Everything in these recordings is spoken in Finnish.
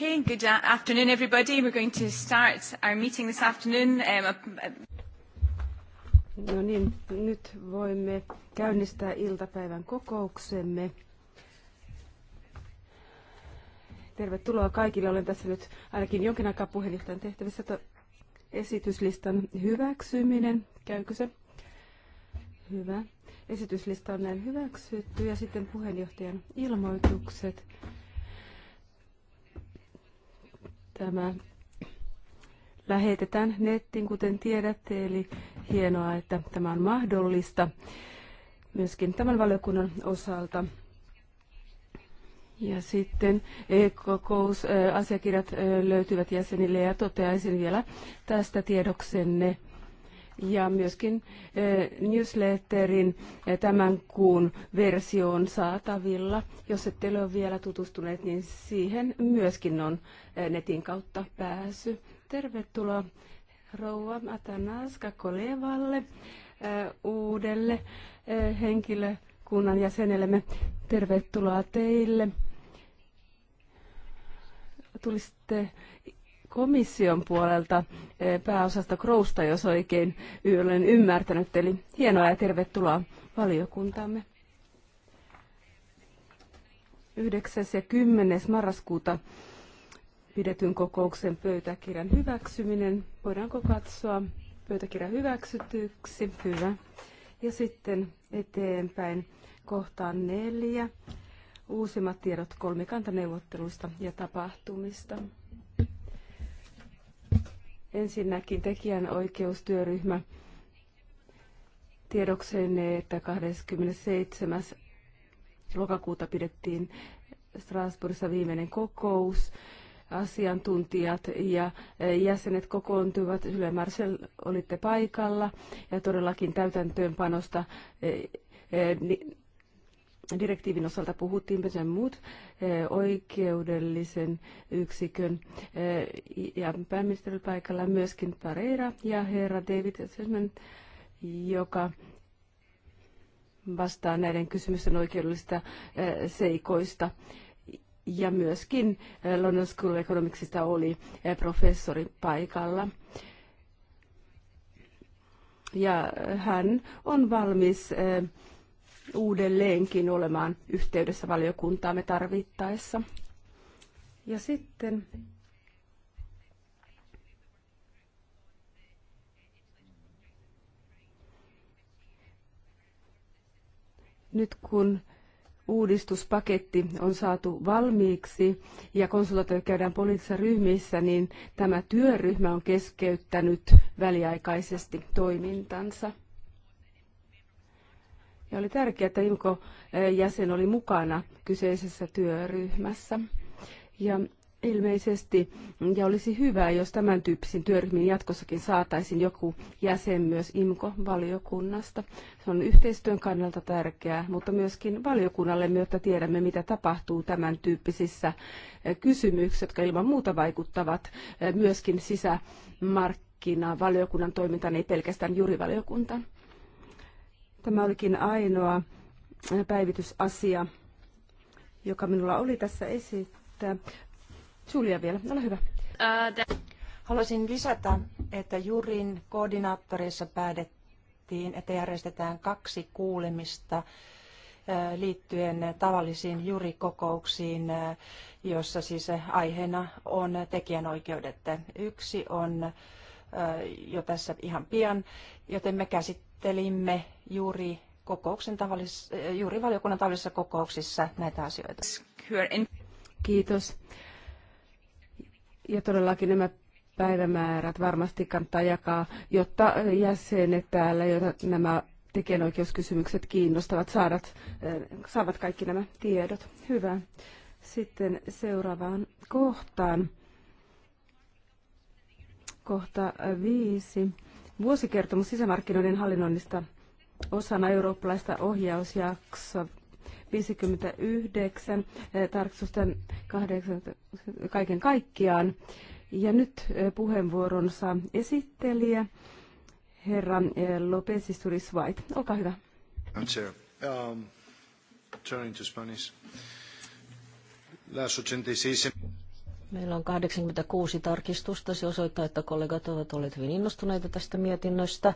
Okay, good afternoon everybody. We're going to start our meeting this afternoon. Um, no niin, nyt voimme käynnistää iltapäivän kokouksemme. Tervetuloa kaikille. Olen tässä nyt ainakin jonkin aikaa puheenjohtajan tehtävissä. Esityslistan hyväksyminen. Käykö se? Hyvä. Esityslista on näin hyväksytty ja sitten puheenjohtajan ilmoitukset. Tämä lähetetään nettiin, kuten tiedätte, eli hienoa, että tämä on mahdollista myöskin tämän valiokunnan osalta. Ja sitten e-kokousasiakirjat löytyvät jäsenille ja toteaisin vielä tästä tiedoksenne, ja myöskin eh, newsletterin eh, tämän kuun versio on saatavilla. Jos ette ole vielä tutustuneet, niin siihen myöskin on eh, netin kautta pääsy. Tervetuloa rouva Atanaska Kolevalle, uudelle henkilökunnan jäsenellemme. Tervetuloa teille. Tulisitte komission puolelta eh, pääosasta Krousta, jos oikein olen ymmärtänyt. Eli hienoa ja tervetuloa valiokuntaamme. 9. ja 10. marraskuuta pidetyn kokouksen pöytäkirjan hyväksyminen. Voidaanko katsoa pöytäkirja hyväksytyksi? Hyvä. Ja sitten eteenpäin kohtaan neljä. Uusimmat tiedot kolmikantaneuvotteluista ja tapahtumista. Ensinnäkin tekijänoikeustyöryhmä tiedokseen, että 27. lokakuuta pidettiin Strasbourgissa viimeinen kokous. Asiantuntijat ja eh, jäsenet kokoontuivat. Yle Marcel, olitte paikalla ja todellakin täytäntöönpanosta eh, eh, direktiivin osalta puhuttiin sen muut eh, oikeudellisen yksikön eh, ja paikalla myöskin Pareira ja herra David Sesman, joka vastaa näiden kysymysten oikeudellisista eh, seikoista. Ja myöskin London School of Economicsista oli professori paikalla ja hän on valmis uudelleenkin olemaan yhteydessä valiokuntaamme tarvittaessa. Ja sitten nyt kun uudistuspaketti on saatu valmiiksi ja konsultaatio käydään poliittisissa ryhmissä, niin tämä työryhmä on keskeyttänyt väliaikaisesti toimintansa. Ja oli tärkeää, että IMKO-jäsen eh, oli mukana kyseisessä työryhmässä. Ja ilmeisesti, ja olisi hyvä, jos tämän tyyppisiin työryhmiin jatkossakin saataisiin joku jäsen myös IMKO-valiokunnasta. Se on yhteistyön kannalta tärkeää, mutta myöskin valiokunnalle, jotta tiedämme, mitä tapahtuu tämän tyyppisissä eh, kysymyksissä, jotka ilman muuta vaikuttavat eh, myöskin sisämarkkinoihin valiokunnan toimintaan, ei pelkästään juurivaliokuntaan. Tämä olikin ainoa päivitysasia, joka minulla oli tässä esittää. Julia vielä, ole hyvä. Haluaisin lisätä, että Jurin koordinaattoreissa päätettiin, että järjestetään kaksi kuulemista liittyen tavallisiin jurikokouksiin, jossa siis aiheena on tekijänoikeudet. Yksi on jo tässä ihan pian, joten me käsittelemme käsittelimme juuri kokouksen tavallis, eh, juuri valiokunnan tavallisissa kokouksissa näitä asioita. Kiitos. Ja todellakin nämä päivämäärät varmasti kannattaa jakaa, jotta jäsenet täällä, joita nämä tekijänoikeuskysymykset kiinnostavat, saavat, eh, saavat kaikki nämä tiedot. Hyvä. Sitten seuraavaan kohtaan. Kohta viisi Vuosikertomus sisämarkkinoiden hallinnoinnista osana eurooppalaista ohjausjaksoa 59, eh, tarkistusten kaiken kaikkiaan. Ja nyt eh, puheenvuoronsa esittelijä, herra eh, Lopez Isturis White. Olkaa hyvä. Um, turning to Spanish. Las 86 Meillä on 86 tarkistusta. Se osoittaa, että kollegat ovat olleet hyvin innostuneita tästä mietinnöstä.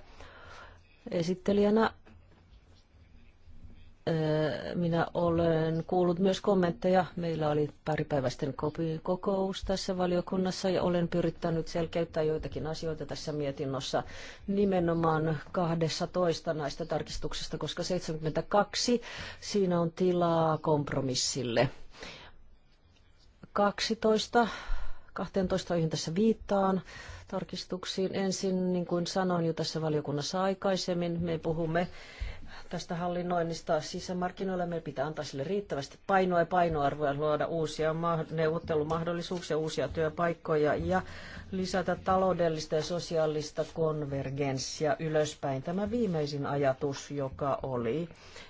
Esittelijänä minä olen kuullut myös kommentteja. Meillä oli pari päiväisten kokous tässä valiokunnassa ja olen pyrittänyt selkeyttää joitakin asioita tässä mietinnössä nimenomaan 12 näistä tarkistuksista, koska 72 siinä on tilaa kompromissille. 12, 12, joihin tässä viittaan, tarkistuksiin. Ensin, niin kuin sanoin jo tässä valiokunnassa aikaisemmin, me puhumme tästä hallinnoinnista sisämarkkinoilla. Meidän pitää antaa sille riittävästi painoa ja painoarvoa, luoda uusia neuvottelumahdollisuuksia, uusia työpaikkoja ja lisätä taloudellista ja sosiaalista konvergenssia ylöspäin. Tämä viimeisin ajatus, joka oli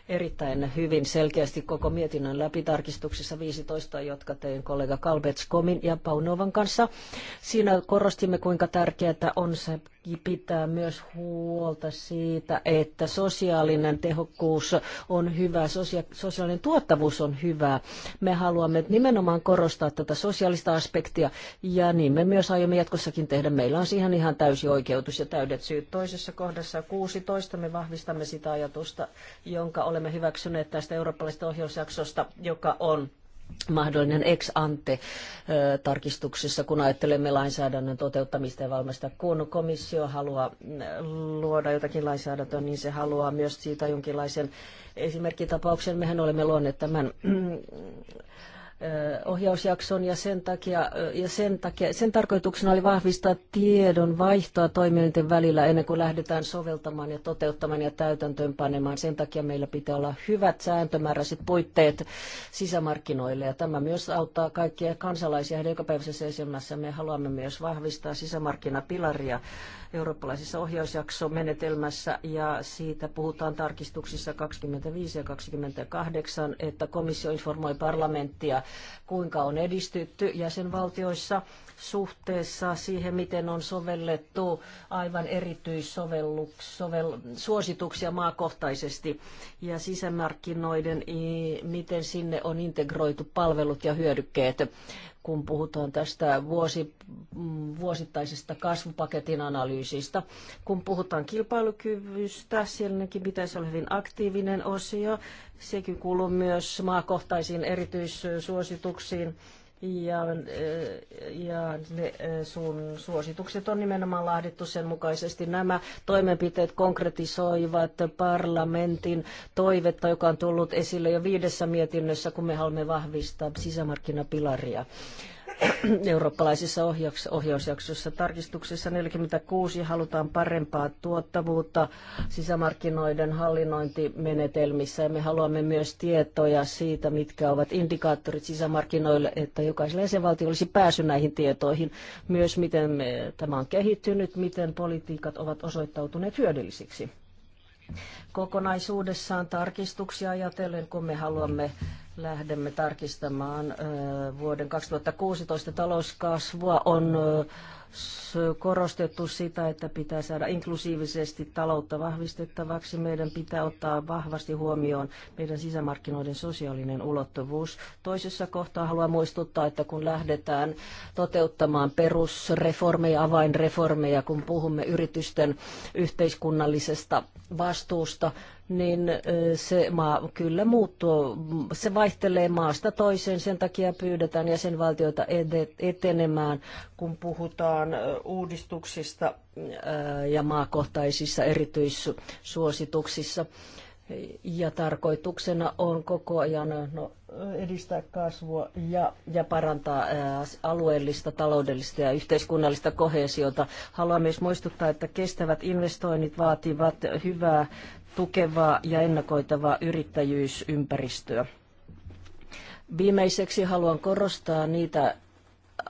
erittäin hyvin selkeästi koko mietinnön läpi tarkistuksissa 15, jotka tein kollega Kalbetskomin Komin ja Paunovan kanssa. Siinä korostimme, kuinka tärkeää on se pitää myös huolta siitä, että sosiaalinen tehokkuus on hyvä, sosiaalinen tuottavuus on hyvä. Me haluamme nimenomaan korostaa tätä sosiaalista aspektia ja niin me myös aiomme jatkossakin tehdä. Meillä on siihen ihan täysi oikeutus ja täydet syyt. Toisessa kohdassa 16 me vahvistamme sitä ajatusta, jonka olemme hyväksyneet tästä eurooppalaisesta ohjausjaksosta, joka on mahdollinen ex ante tarkistuksissa, kun ajattelemme lainsäädännön toteuttamista ja valmista. Kun komissio haluaa luoda jotakin lainsäädäntöä, niin se haluaa myös siitä jonkinlaisen esimerkkitapauksen. Mehän olemme luoneet tämän ohjausjakson ja sen takia, ja sen takia, sen tarkoituksena oli vahvistaa tiedon vaihtoa toimijoiden välillä ennen kuin lähdetään soveltamaan ja toteuttamaan ja täytäntöönpanemaan. Sen takia meillä pitää olla hyvät sääntömääräiset puitteet sisämarkkinoille ja tämä myös auttaa kaikkia kansalaisia heidän jokapäiväisessä esimässä Me haluamme myös vahvistaa sisämarkkinapilaria eurooppalaisessa ohjausjaksomenetelmässä ja siitä puhutaan tarkistuksissa 25 ja 28, että komissio informoi parlamenttia kuinka on edistytty jäsenvaltioissa suhteessa siihen, miten on sovellettu aivan erityissuosituksia maakohtaisesti ja sisämarkkinoiden, miten sinne on integroitu palvelut ja hyödykkeet kun puhutaan tästä vuosi, mm, vuosittaisesta kasvupaketin analyysistä. Kun puhutaan kilpailukyvystä, sielläkin pitäisi olla hyvin aktiivinen osio. Sekin kuuluu myös maakohtaisiin erityissuosituksiin ja, eh, ja ne eh, sun suositukset on nimenomaan laadittu sen mukaisesti. Nämä toimenpiteet konkretisoivat parlamentin toivetta, joka on tullut esille jo viidessä mietinnössä, kun me haluamme vahvistaa sisämarkkinapilaria eurooppalaisissa ohjaus, ohjausjaksoissa. Tarkistuksessa 46 halutaan parempaa tuottavuutta sisämarkkinoiden hallinnointimenetelmissä. Ja me haluamme myös tietoja siitä, mitkä ovat indikaattorit sisämarkkinoille, että jokaisella jäsenvaltio olisi pääsy näihin tietoihin. Myös miten me, tämä on kehittynyt, miten politiikat ovat osoittautuneet hyödyllisiksi. Kokonaisuudessaan tarkistuksia ajatellen, kun me haluamme lähdemme tarkistamaan vuoden 2016 talouskasvua, on korostettu sitä, että pitää saada inklusiivisesti taloutta vahvistettavaksi. Meidän pitää ottaa vahvasti huomioon meidän sisämarkkinoiden sosiaalinen ulottuvuus. Toisessa kohtaa haluan muistuttaa, että kun lähdetään toteuttamaan perusreformeja, avainreformeja, kun puhumme yritysten yhteiskunnallisesta vastuusta, niin se maa kyllä muuttuu. Se vaihtelee maasta toiseen, sen takia pyydetään jäsenvaltioita etenemään, kun puhutaan uudistuksista ja maakohtaisissa erityissuosituksissa. Ja tarkoituksena on koko ajan no, edistää kasvua ja, ja parantaa ää, alueellista, taloudellista ja yhteiskunnallista kohesiota. Haluan myös muistuttaa, että kestävät investoinnit vaativat hyvää tukevaa ja ennakoitavaa yrittäjyysympäristöä. Viimeiseksi haluan korostaa niitä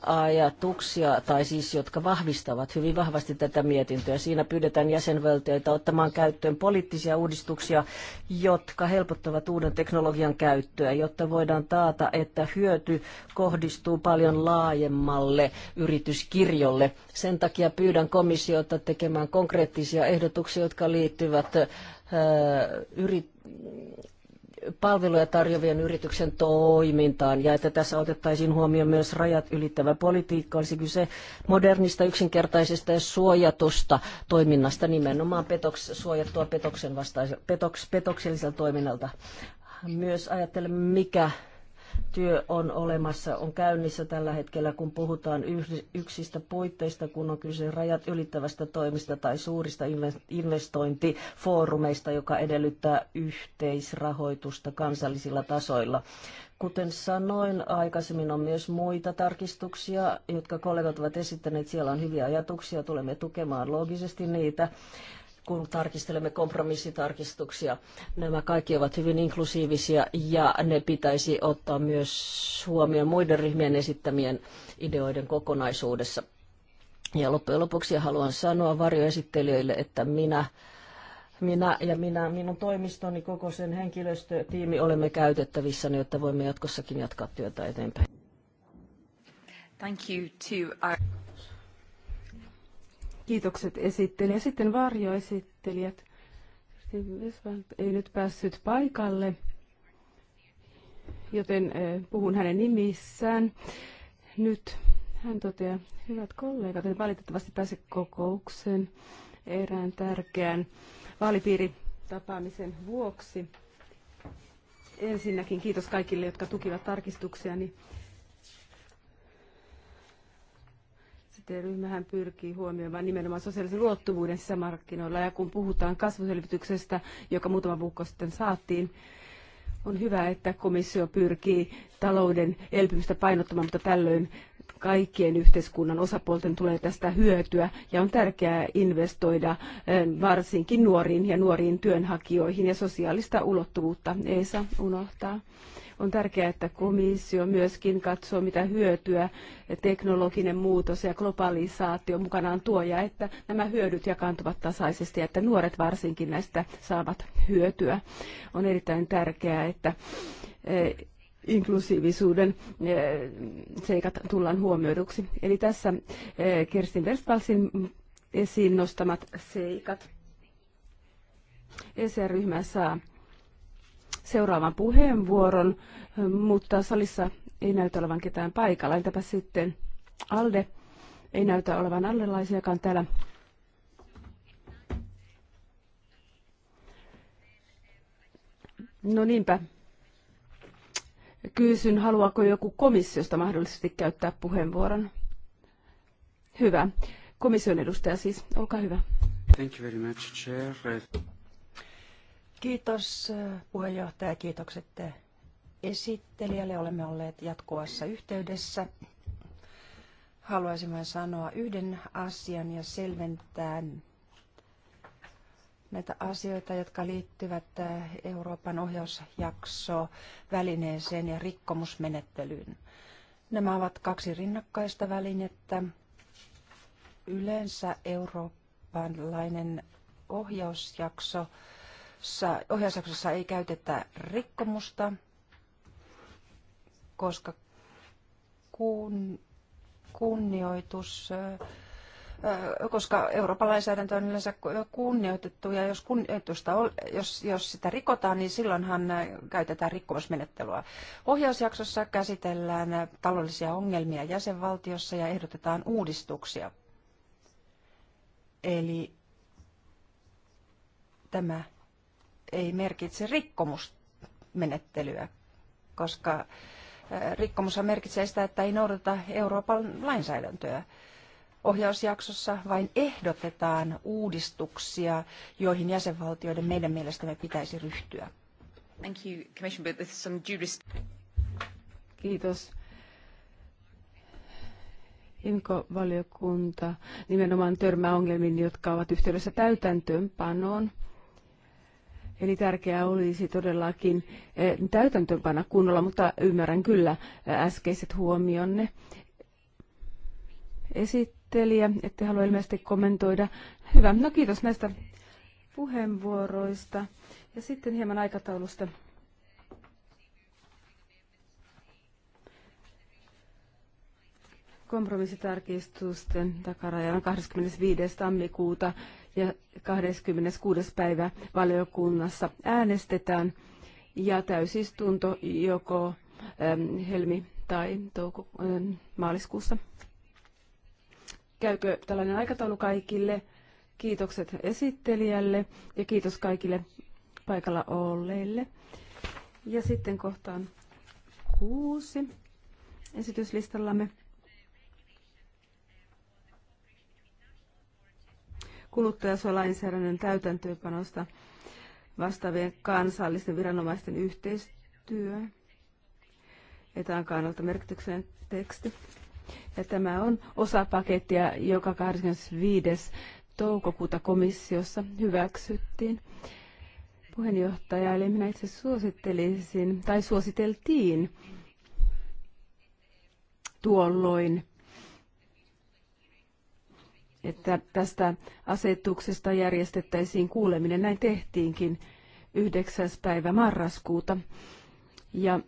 ajatuksia, tai siis jotka vahvistavat hyvin vahvasti tätä mietintöä. Siinä pyydetään jäsenvaltioita ottamaan käyttöön poliittisia uudistuksia, jotka helpottavat uuden teknologian käyttöä, jotta voidaan taata, että hyöty kohdistuu paljon laajemmalle yrityskirjolle. Sen takia pyydän komissiota tekemään konkreettisia ehdotuksia, jotka liittyvät yrit, palveluja tarjoavien yrityksen toimintaan ja että tässä otettaisiin huomioon myös rajat ylittävä politiikka. Olisi kyse modernista, yksinkertaisesta ja suojatusta toiminnasta, nimenomaan petoks, suojattua petoksen vastaisen, petoks, petokselliselta toiminnalta. Myös ajattelen, mikä työ on olemassa, on käynnissä tällä hetkellä, kun puhutaan yksistä puitteista, kun on kyse rajat ylittävästä toimista tai suurista investointifoorumeista, joka edellyttää yhteisrahoitusta kansallisilla tasoilla. Kuten sanoin, aikaisemmin on myös muita tarkistuksia, jotka kollegat ovat esittäneet. Siellä on hyviä ajatuksia, tulemme tukemaan loogisesti niitä kun tarkistelemme kompromissitarkistuksia. Nämä kaikki ovat hyvin inklusiivisia ja ne pitäisi ottaa myös huomioon muiden ryhmien esittämien ideoiden kokonaisuudessa. Ja loppujen lopuksi haluan sanoa varjoesittelijöille, että minä, minä ja minä, minun toimistoni, koko sen henkilöstötiimi olemme käytettävissä, niin jotta voimme jatkossakin jatkaa työtä eteenpäin. Thank you to our... Kiitokset esittelijä. Sitten varjoesittelijät. Ei nyt päässyt paikalle, joten eh, puhun hänen nimissään. Nyt hän toteaa, hyvät kollegat, en valitettavasti pääse kokoukseen erään tärkeän vaalipiiritapaamisen vuoksi. Ensinnäkin kiitos kaikille, jotka tukivat tarkistuksiani. Niin ST-ryhmähän pyrkii huomioimaan nimenomaan sosiaalisen luottuvuuden sisämarkkinoilla. Ja kun puhutaan kasvuselvityksestä, joka muutama viikko sitten saatiin, on hyvä, että komissio pyrkii talouden elpymistä painottamaan, mutta tällöin kaikkien yhteiskunnan osapuolten tulee tästä hyötyä ja on tärkeää investoida eh, varsinkin nuoriin ja nuoriin työnhakijoihin ja sosiaalista ulottuvuutta ei saa unohtaa. On tärkeää, että komissio myöskin katsoo, mitä hyötyä teknologinen muutos ja globalisaatio mukanaan tuo, ja että nämä hyödyt jakaantuvat tasaisesti, ja että nuoret varsinkin näistä saavat hyötyä. On erittäin tärkeää, että e, inklusiivisuuden e, seikat tullaan huomioiduksi. Eli tässä e, Kerstin Westfalsin esiin nostamat seikat. ESR-ryhmä saa seuraavan puheenvuoron, mutta salissa ei näytä olevan ketään paikalla. Entäpä sitten Alde? Ei näytä olevan allelaisiakaan täällä. No niinpä. Kysyn, haluaako joku komissiosta mahdollisesti käyttää puheenvuoron? Hyvä. Komission edustaja siis, olkaa hyvä. Thank you very much, Chair. Kiitos puheenjohtaja, kiitokset esittelijälle. Olemme olleet jatkuvassa yhteydessä. Haluaisin vain sanoa yhden asian ja selventää näitä asioita, jotka liittyvät Euroopan ohjausjakso välineeseen ja rikkomusmenettelyyn. Nämä ovat kaksi rinnakkaista välinettä. Yleensä eurooppalainen ohjausjakso jossa ohjausjaksossa ei käytetä rikkomusta, koska kun, kunnioitus, koska Euroopan lainsäädäntö on yleensä kunnioitettu ja jos, kunnioitusta, jos, jos sitä rikotaan, niin silloinhan käytetään rikkomusmenettelyä. Ohjausjaksossa käsitellään taloudellisia ongelmia jäsenvaltiossa ja ehdotetaan uudistuksia. Eli tämä ei merkitse rikkomusmenettelyä, koska äh, rikkomus merkitsee sitä, että ei noudata Euroopan lainsäädäntöä. Ohjausjaksossa vain ehdotetaan uudistuksia, joihin jäsenvaltioiden meidän mielestämme pitäisi ryhtyä. Thank you, Commission, but with some jurist... Kiitos. inko valiokunta nimenomaan törmää ongelmiin, jotka ovat yhteydessä täytäntöönpanoon. Eli tärkeää olisi todellakin eh, täytäntöönpana kunnolla, mutta ymmärrän kyllä eh, äskeiset huomionne. Esittelijä, ette halua ilmeisesti kommentoida. Hyvä, no kiitos näistä puheenvuoroista. Ja sitten hieman aikataulusta. Kompromissitarkistusten takarajana 25. tammikuuta ja 26. päivä valiokunnassa äänestetään ja täysistunto joko helmi- tai touko, maaliskuussa. Käykö tällainen aikataulu kaikille? Kiitokset esittelijälle ja kiitos kaikille paikalla olleille. Ja sitten kohtaan kuusi esityslistallamme. kuluttajasuojalainsäädännön täytäntöönpanosta vastaavien kansallisten viranomaisten yhteistyö. on kannalta merkityksen teksti. Ja tämä on osa pakettia, joka 25. toukokuuta komissiossa hyväksyttiin puheenjohtaja, eli minä itse suosittelisin, tai suositeltiin tuolloin että tästä asetuksesta järjestettäisiin kuuleminen. Näin tehtiinkin 9. päivä marraskuuta. Ja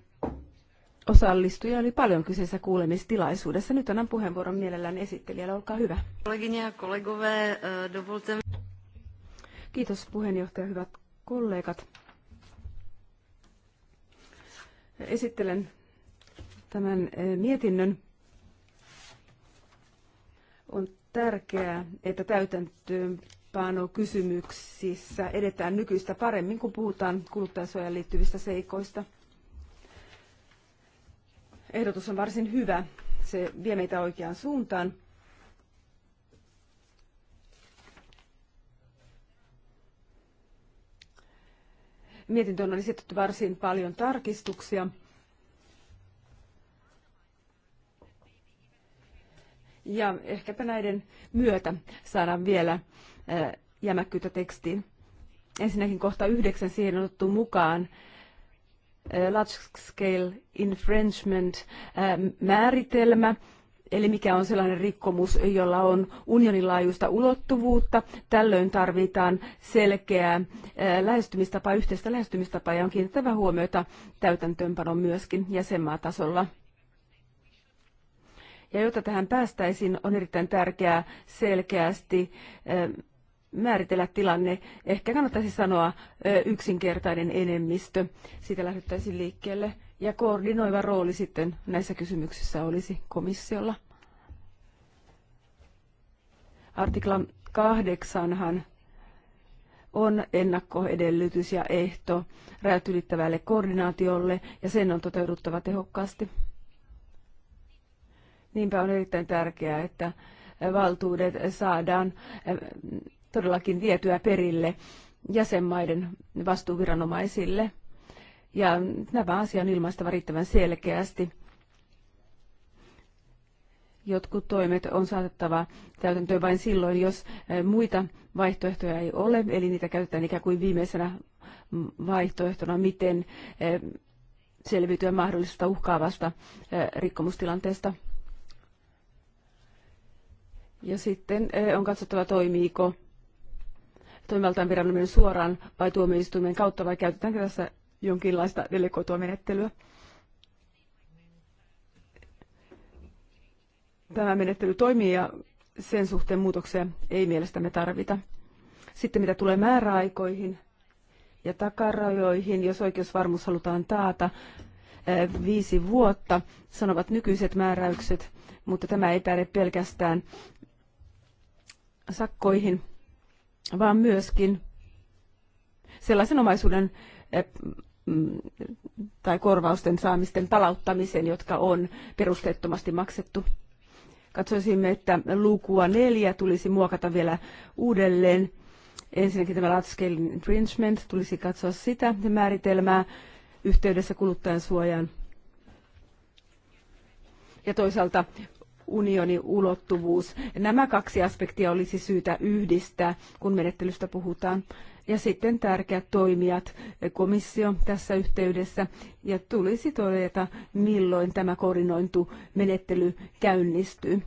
osallistujia oli paljon kyseessä kuulemistilaisuudessa. Nyt annan puheenvuoron mielellään esittelijälle. Olkaa hyvä. Eh, Kiitos puheenjohtaja, hyvät kollegat. Esittelen tämän eh, mietinnön. On tärkeää, että täytäntöönpano kysymyksissä edetään nykyistä paremmin, kun puhutaan kuluttajansuojaan liittyvistä seikoista. Ehdotus on varsin hyvä. Se vie meitä oikeaan suuntaan. Mietintöön on esitetty varsin paljon tarkistuksia. ja ehkäpä näiden myötä saadaan vielä äh, jämäkkyyttä tekstiin. Ensinnäkin kohta yhdeksän siihen on otettu mukaan äh, large scale infringement äh, määritelmä, eli mikä on sellainen rikkomus, jolla on unionin laajuista ulottuvuutta. Tällöin tarvitaan selkeää lähestymistapaa, yhteistä lähestymistapaa, ja on kiinnitettävä huomiota täytäntöönpanon myöskin jäsenmaatasolla. tasolla ja jotta tähän päästäisiin, on erittäin tärkeää selkeästi eh, määritellä tilanne. Ehkä kannattaisi sanoa eh, yksinkertainen enemmistö. Siitä lähdettäisiin liikkeelle. Ja koordinoiva rooli sitten näissä kysymyksissä olisi komissiolla. Artiklan kahdeksanhan on ennakkoedellytys ja ehto ylittävälle koordinaatiolle, ja sen on toteuduttava tehokkaasti. Niinpä on erittäin tärkeää, että valtuudet saadaan eh, todellakin vietyä perille jäsenmaiden vastuuviranomaisille. Ja nämä asia on ilmaistava riittävän selkeästi. Jotkut toimet on saatettava täytäntöön vain silloin, jos eh, muita vaihtoehtoja ei ole, eli niitä käytetään ikään kuin viimeisenä vaihtoehtona, miten eh, selviytyä mahdollisesta uhkaavasta rikkomustilanteesta. Ja sitten eh, on katsottava, toimiiko toimivaltaan viranomainen suoraan vai tuomioistuimen kautta vai käytetäänkö tässä jonkinlaista delegoitua menettelyä. Tämä menettely toimii ja sen suhteen muutoksia ei mielestämme tarvita. Sitten mitä tulee määräaikoihin ja takarajoihin, jos oikeusvarmuus halutaan taata, eh, viisi vuotta, sanovat nykyiset määräykset, mutta tämä ei päde pelkästään sakkoihin, vaan myöskin sellaisen omaisuuden eh, mm, tai korvausten saamisten palauttamisen, jotka on perusteettomasti maksettu. Katsoisimme, että lukua neljä tulisi muokata vielä uudelleen. Ensinnäkin tämä large scale infringement, tulisi katsoa sitä ja määritelmää yhteydessä kuluttajan suojaan. Ja toisaalta Unionin ulottuvuus. Nämä kaksi aspektia olisi syytä yhdistää, kun menettelystä puhutaan. Ja sitten tärkeät toimijat, komissio tässä yhteydessä, ja tulisi todeta, milloin tämä koordinointu menettely käynnistyy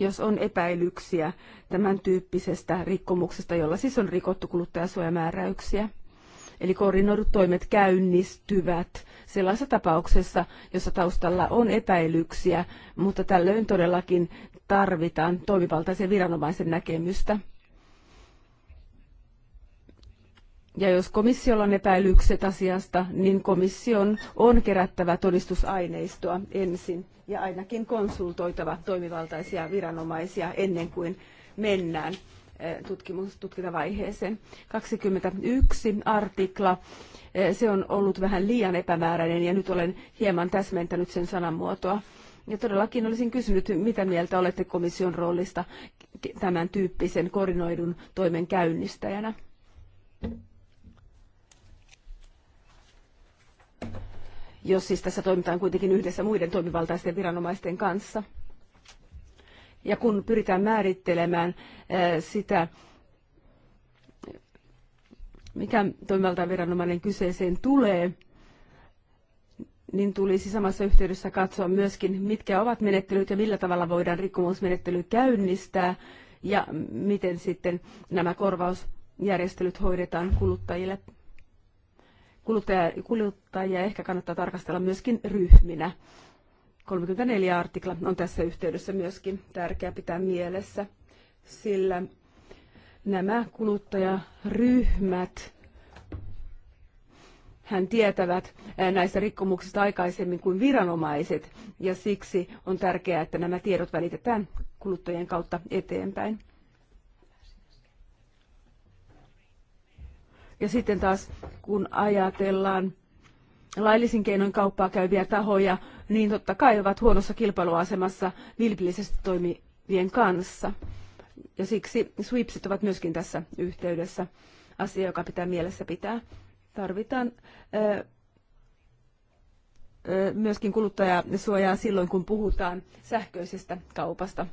jos on epäilyksiä tämän tyyppisestä rikkomuksesta, jolla siis on rikottu kuluttajasuojamääräyksiä. Eli koordinoidut toimet käynnistyvät sellaisessa tapauksessa, jossa taustalla on epäilyksiä, mutta tällöin todellakin tarvitaan toimivaltaisen viranomaisen näkemystä. Ja jos komissiolla on epäilykset asiasta, niin komission on kerättävä todistusaineistoa ensin ja ainakin konsultoitava toimivaltaisia viranomaisia ennen kuin mennään tutkimus, tutkintavaiheeseen. 21 artikla, eh, se on ollut vähän liian epämääräinen ja nyt olen hieman täsmentänyt sen sanamuotoa. Ja todellakin olisin kysynyt, mitä mieltä olette komission roolista tämän tyyppisen koordinoidun toimen käynnistäjänä? Jos siis tässä toimitaan kuitenkin yhdessä muiden toimivaltaisten viranomaisten kanssa. Ja kun pyritään määrittelemään eh, sitä, mikä toimivalta viranomainen kyseeseen tulee, niin tulisi samassa yhteydessä katsoa myöskin, mitkä ovat menettelyt ja millä tavalla voidaan rikkomusmenettely käynnistää ja miten sitten nämä korvausjärjestelyt hoidetaan kuluttajille. Kuluttaja, kuluttajia ehkä kannattaa tarkastella myöskin ryhminä. 34 artikla on tässä yhteydessä myöskin tärkeä pitää mielessä, sillä nämä kuluttajaryhmät hän tietävät näistä rikkomuksista aikaisemmin kuin viranomaiset, ja siksi on tärkeää, että nämä tiedot välitetään kuluttajien kautta eteenpäin. Ja sitten taas, kun ajatellaan laillisin keinoin kauppaa käyviä tahoja, niin totta kai ovat huonossa kilpailuasemassa vilpillisesti toimivien kanssa. Ja siksi sweepsit ovat myöskin tässä yhteydessä asia, joka pitää mielessä pitää. Tarvitaan myöskin kuluttajasuojaa silloin, kun puhutaan sähköisestä kaupasta.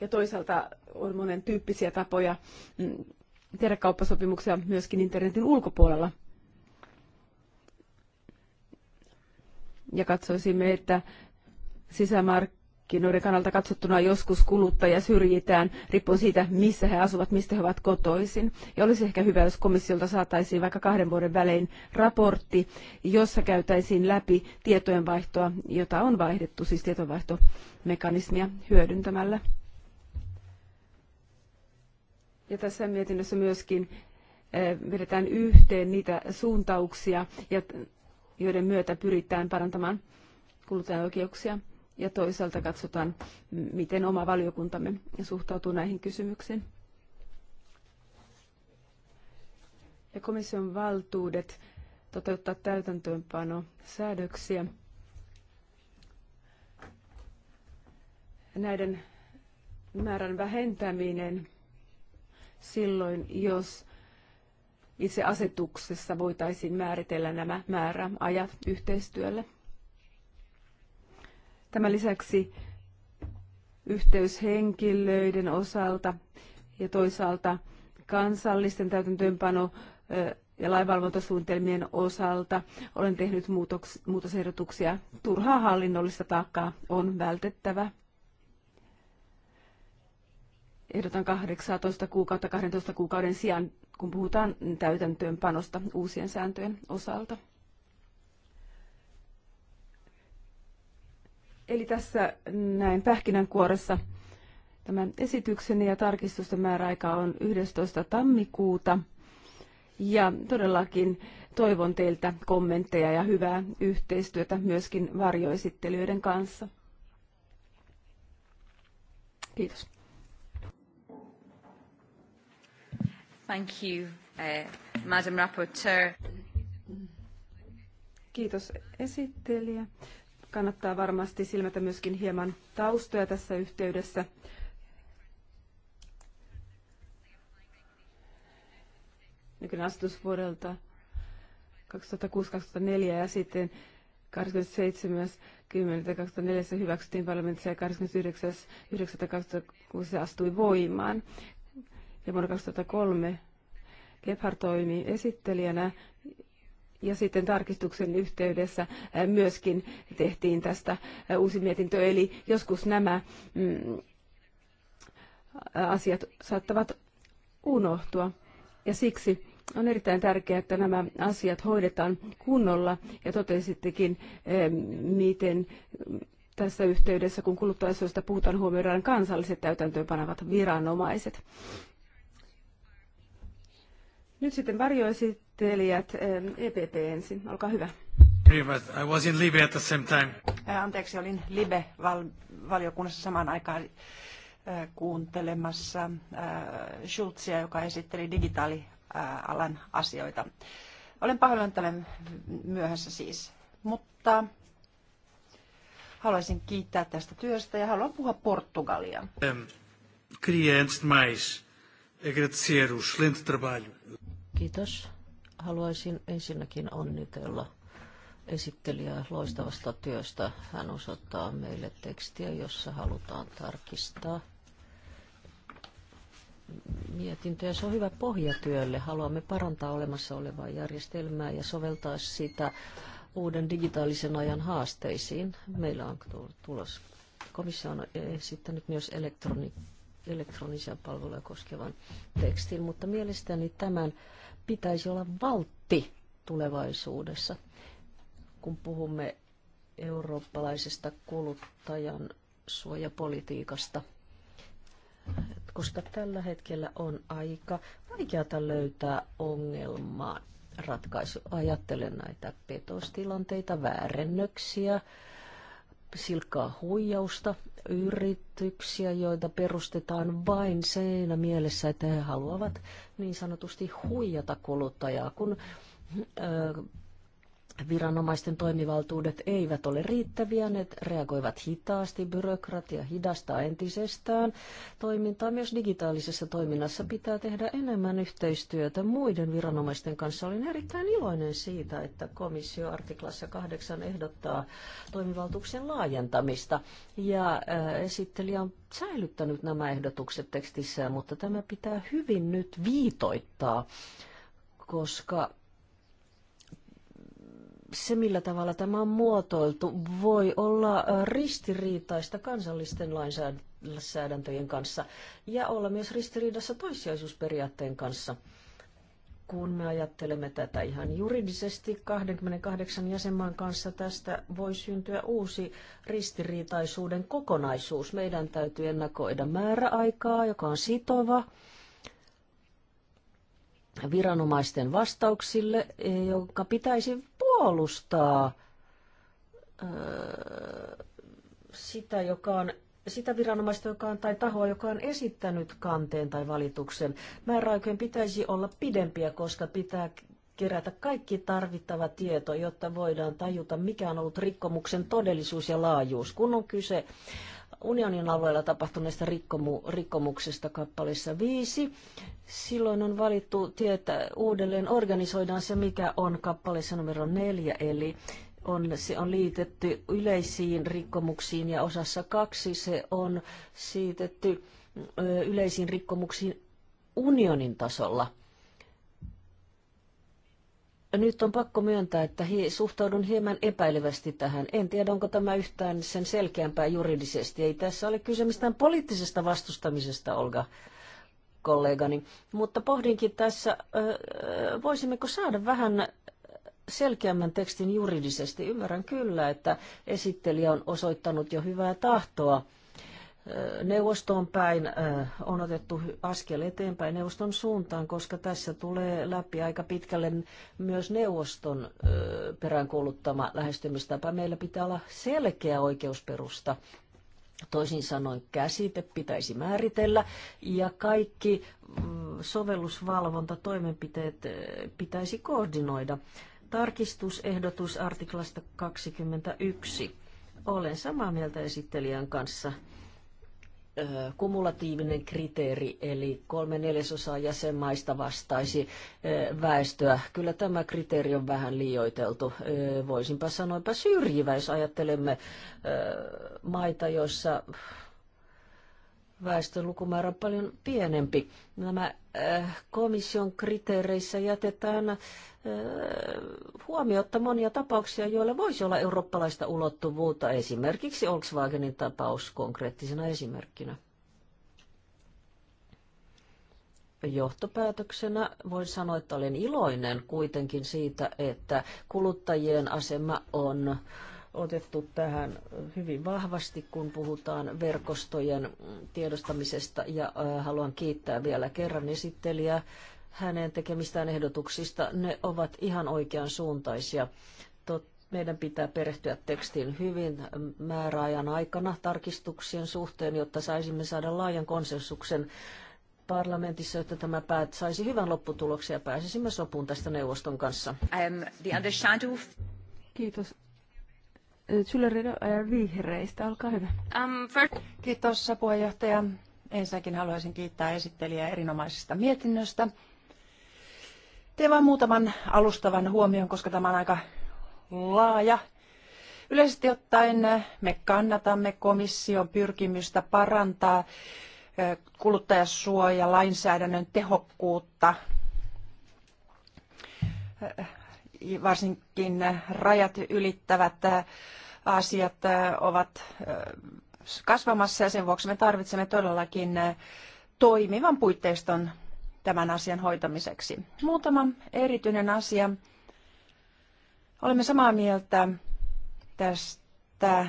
Ja toisaalta on monen tyyppisiä tapoja mm, tehdä kauppasopimuksia myöskin internetin ulkopuolella ja katsoisimme, että sisämarkkinoiden kannalta katsottuna joskus kuluttaja syrjitään riippuen siitä, missä he asuvat, mistä he ovat kotoisin. Ja olisi ehkä hyvä, jos komissiolta saataisiin vaikka kahden vuoden välein raportti, jossa käytäisiin läpi tietojenvaihtoa, jota on vaihdettu, siis tietojenvaihtomekanismia hyödyntämällä. Ja tässä mietinnössä myöskin eh, vedetään yhteen niitä suuntauksia ja joiden myötä pyritään parantamaan kuluttajaoikeuksia ja toisaalta katsotaan, miten oma valiokuntamme suhtautuu näihin kysymyksiin. Ja komission valtuudet toteuttaa täytäntöönpano säädöksiä. Näiden määrän vähentäminen silloin, jos itse asetuksessa voitaisiin määritellä nämä määräajat yhteistyölle. Tämän lisäksi yhteyshenkilöiden osalta ja toisaalta kansallisten täytäntöönpano ja lainvalvontasuunnitelmien osalta olen tehnyt muutoks- muutosehdotuksia. Turhaa hallinnollista taakkaa on vältettävä ehdotan 18 kuukautta 12 kuukauden sijaan, kun puhutaan täytäntöönpanosta uusien sääntöjen osalta. Eli tässä näin pähkinänkuoressa tämän esityksen ja tarkistusten määräaika on 11. tammikuuta. Ja todellakin toivon teiltä kommentteja ja hyvää yhteistyötä myöskin varjoesittelijöiden kanssa. Kiitos. Uh, Kiitos esittelijä. Kannattaa varmasti silmätä myöskin hieman taustoja tässä yhteydessä. Nykyinen asetus vuodelta 2006-2004 ja sitten 27.10.2004 hyväksyttiin parlamentissa ja 29.9.2006 astui voimaan ja vuonna 2003 Gebhard toimi esittelijänä ja sitten tarkistuksen yhteydessä myöskin tehtiin tästä uusi mietintö. Eli joskus nämä mm, asiat saattavat unohtua ja siksi on erittäin tärkeää, että nämä asiat hoidetaan kunnolla ja totesittekin, miten mm, tässä yhteydessä, kun kuluttajaisuudesta puhutaan, huomioidaan kansalliset täytäntöönpanevat viranomaiset. Nyt sitten varjoesittelijät, EPP e ensin, olkaa hyvä. I was in Libya at the same time. Anteeksi, olin Libe-valiokunnassa samaan aikaan kuuntelemassa Schulzia, joka esitteli digitaalialan asioita. Olen pahoillani, että olen myöhässä siis, mutta haluaisin kiittää tästä työstä ja haluan puhua Portugalia. Um, Kiitos. Haluaisin ensinnäkin onnitella esittelijää loistavasta työstä. Hän osoittaa meille tekstiä, jossa halutaan tarkistaa mietintöjä. se on hyvä pohjatyölle. Haluamme parantaa olemassa olevaa järjestelmää ja soveltaa sitä uuden digitaalisen ajan haasteisiin. Meillä on tulos. Komissio on esittänyt myös elektroni, elektronisia palveluja koskevan tekstin, mutta mielestäni tämän pitäisi olla valtti tulevaisuudessa, kun puhumme eurooppalaisesta kuluttajan suojapolitiikasta. Koska tällä hetkellä on aika vaikeata löytää ongelmaa ratkaisu. Ajattelen näitä petostilanteita, väärennöksiä, silkkaa huijausta, yrityksiä, joita perustetaan vain seinä mielessä, että he haluavat niin sanotusti huijata kuluttajaa, kun viranomaisten toimivaltuudet eivät ole riittäviä, ne reagoivat hitaasti, byrokratia hidastaa entisestään. Toimintaa myös digitaalisessa toiminnassa pitää tehdä enemmän yhteistyötä muiden viranomaisten kanssa. Olin erittäin iloinen siitä, että komissio artiklassa 8 ehdottaa toimivaltuuksien laajentamista ja äh, esittelijä on säilyttänyt nämä ehdotukset tekstissä, mutta tämä pitää hyvin nyt viitoittaa, koska se, millä tavalla tämä on muotoiltu, voi olla ristiriitaista kansallisten lainsäädäntöjen kanssa ja olla myös ristiriidassa toissijaisuusperiaatteen kanssa. Kun me ajattelemme tätä ihan juridisesti 28 jäsenmaan kanssa, tästä voi syntyä uusi ristiriitaisuuden kokonaisuus. Meidän täytyy ennakoida määräaikaa, joka on sitova viranomaisten vastauksille, jonka pitäisi puolustaa sitä, joka on sitä viranomaista, joka on, tai tahoa, joka on esittänyt kanteen tai valituksen. Määräaikojen pitäisi olla pidempiä, koska pitää kerätä kaikki tarvittava tieto, jotta voidaan tajuta, mikä on ollut rikkomuksen todellisuus ja laajuus. Kun on kyse unionin alueella tapahtuneista rikkomu, rikkomuksista kappalissa viisi. Silloin on valittu tietä uudelleen organisoidaan se, mikä on kappaleessa numero neljä, eli on, se on liitetty yleisiin rikkomuksiin ja osassa kaksi se on siitetty yleisiin rikkomuksiin unionin tasolla – nyt on pakko myöntää, että suhtaudun hieman epäilevästi tähän. En tiedä, onko tämä yhtään sen selkeämpää juridisesti. Ei tässä ole kyse mistään poliittisesta vastustamisesta, Olga kollegani. Mutta pohdinkin tässä, voisimmeko saada vähän selkeämmän tekstin juridisesti. Ymmärrän kyllä, että esittelijä on osoittanut jo hyvää tahtoa neuvostoon päin on otettu askel eteenpäin neuvoston suuntaan, koska tässä tulee läpi aika pitkälle myös neuvoston peräänkuuluttama lähestymistapa. Meillä pitää olla selkeä oikeusperusta. Toisin sanoen käsite pitäisi määritellä ja kaikki mm, sovellusvalvontatoimenpiteet pitäisi koordinoida. Tarkistusehdotus artiklasta 21. Olen samaa mieltä esittelijän kanssa kumulatiivinen kriteeri, eli kolme neljäsosaa jäsenmaista vastaisi väestöä. Kyllä tämä kriteeri on vähän liioiteltu. Voisinpa sanoipa syrjivä, jos ajattelemme maita, joissa väestön lukumäärä on paljon pienempi. Nämä äh, komission kriteereissä jätetään äh, huomiotta monia tapauksia, joilla voisi olla eurooppalaista ulottuvuutta, esimerkiksi Volkswagenin tapaus konkreettisena esimerkkinä. johtopäätöksenä voin sanoa, että olen iloinen kuitenkin siitä, että kuluttajien asema on otettu tähän hyvin vahvasti, kun puhutaan verkostojen tiedostamisesta. Ja haluan kiittää vielä kerran esittelijää hänen tekemistään ehdotuksista. Ne ovat ihan oikean suuntaisia. meidän pitää perehtyä tekstiin hyvin määräajan aikana tarkistuksien suhteen, jotta saisimme saada laajan konsensuksen parlamentissa, jotta tämä päät saisi hyvän lopputuloksen ja pääsisimme sopuun tästä neuvoston kanssa. Kiitos Zyllerin vihreistä, olkaa hyvä. Um, for... Kiitos puheenjohtaja. Ensinnäkin haluaisin kiittää esittelijää erinomaisesta mietinnöstä. Teen vain muutaman alustavan huomion, koska tämä on aika laaja. Yleisesti ottaen me kannatamme komission pyrkimystä parantaa kuluttajasuoja lainsäädännön tehokkuutta varsinkin rajat ylittävät asiat ovat kasvamassa ja sen vuoksi me tarvitsemme todellakin toimivan puitteiston tämän asian hoitamiseksi. Muutama erityinen asia. Olemme samaa mieltä tästä